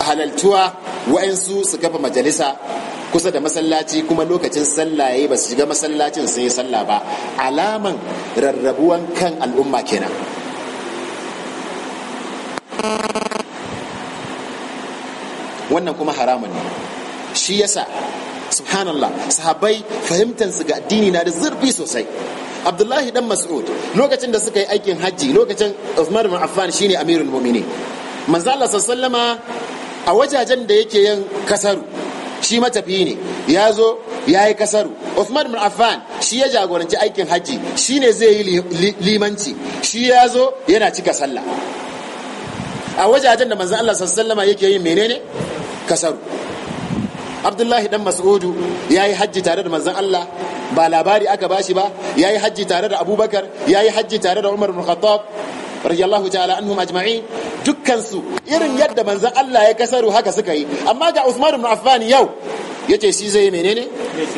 halaltuwa wa'insu su kafa majalisa kusa da masallaci kuma lokacin sallaye ba su shiga masallacin sun yi sallah ba alaman rarrabuwan kan al'umma kenan wannan kuma haramun ne shi yasa subhanallah sahabbai fahimtansu ga addini na da zurfi sosai abdullahi dan mas'ud lokacin da suka yi aikin hajji lokacin Uthman bin Affan shine amirul mu'minin manzo Allah sallama a wajajen da yake yin kasaru shi matafi ne ya zo ya yi kasaru Uthman bin Affan shi ya jagoranci aikin hajji shi ne zai yi limanci shi ya zo yana cika sallah a wajajen da manzo Allah sallama yake yin menene kasaru abdullahi dan mas'udu ya yi hajji tare da manzon allah ba labari aka bashi ba ya yi hajji tare da abubakar ya yi hajji tare da umar bin khattab radiyallahu ta'ala anhum ajma'in dukkan su irin yadda manzon allah ya kasaru haka suka yi amma ga usman bin affan yau yace shi zai menene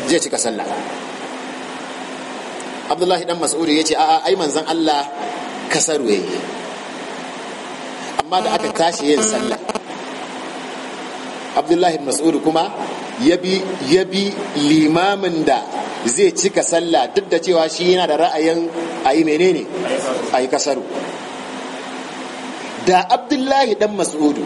zai cika sallah abdullahi dan mas'udu yace a'a ai manzon allah kasaru yayi amma da aka tashi yin sallah abdullahi mas'ud kuma ya bi limamin da zai cika sallah duk da cewa shi yana da ra'ayin ayi menene ayi kasaru da abdullahi dan mas'udu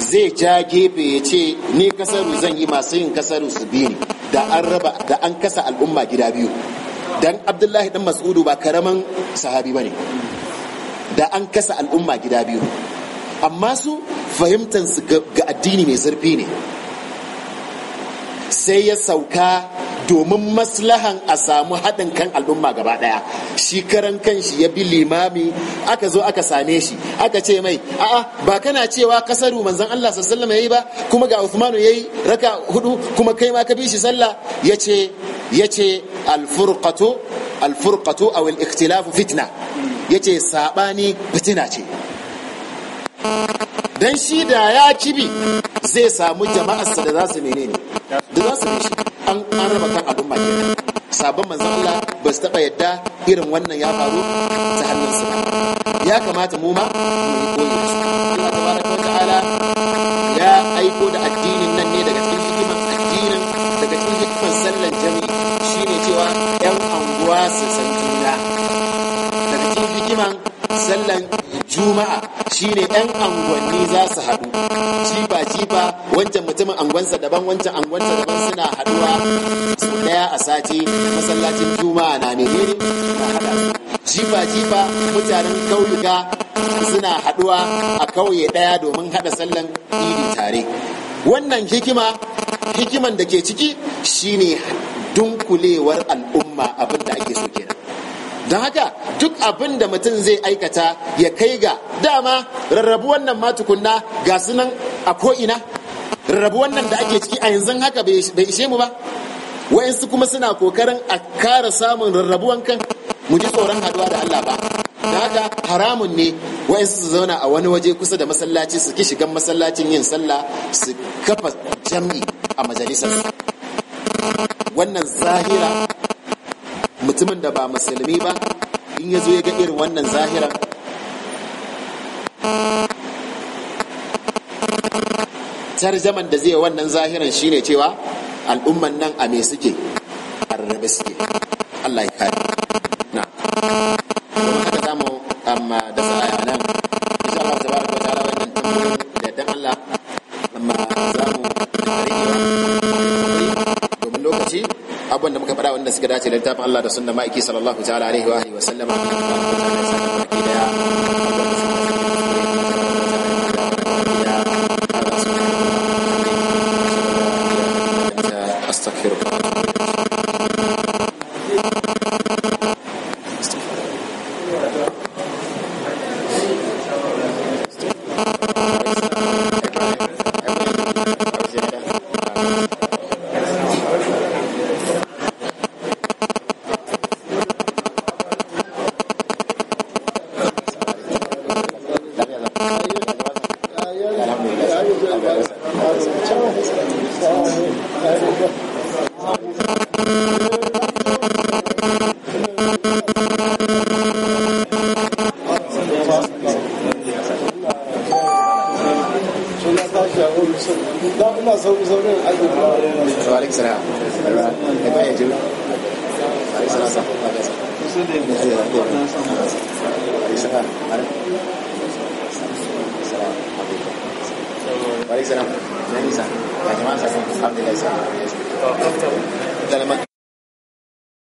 zai ja gefe ya ce ni kasaru zan yi masu yin kasaru su bi ni da an raba da an kasa al'umma gida biyu dan abdullahi dan mas'udu ba karaman sahabi bane da an kasa al'umma gida biyu amma su fahimtansu ga addini mai zurfi ne sai ya sauka domin maslahan a samu haɗin kan al'umma gaba ɗaya shi karan kan shi ya bi limami aka zo aka same shi aka ce mai a'a ba kana cewa kasaru manzon Allah sallallahu yi ba kuma ga Uthmanu yi raka hudu kuma kai ma ka bi shi sallah yace yace al-furqatu al-furqatu aw al-ikhtilafu fitna yace sabani fitina ce don shi da ya cibi zai samu jama'arsa da za su mene ne da za su shi an raba kan abin al'umma kenan sabon manzan Allah ba su taɓa yadda irin wannan ya faru ta su ba ya kamata mu ma mu yi koyi da su Allah tabaraka ta'ala ya aiko da addinin nan ne daga cikin hikimar addinin daga cikin hikimar sallan jami'i shine cewa yan anguwa su san juna daga cikin hikiman sallan juma'a shine yan angwanni za su haɗu jifa jifa wancan mutumin angwansa daban wancan angwansa daban suna haɗuwa sau ɗaya a sati masallacin juma'a na menene eh, na haɗa jifa jifa mutanen kauyuka suna haɗuwa a kauye ɗaya domin haɗa sallan iri tare wannan hikima hikiman da ke ciki shine dunkulewar al'umma abin da ake so don haka duk abin da mutum zai aikata ya kai ga dama rarrabu wannan ma tukunna ga sunan nan a ko'ina rarrabu wannan da ake ciki a yanzu haka bai ishe mu ba wa'insu kuma suna kokarin a kara samun rarrabuwan kan mu ji tsoron haduwa da Allah ba da haka haramun ne wa'insu su zauna a wani waje kusa da masallaci su ki shigan masallacin yin sallah su kafa jam'i a majalisar wannan zahira mutumin da ba musulmi ba in ya zo ya ga irin wannan zahira tarjaman da zai wannan zahiran shine cewa al'umman nan a me suke a rarrabe suke Allah ya kare na suka dace da littafin Allah da sunna ma'aiki sallallahu ta'ala alaihi wa alihi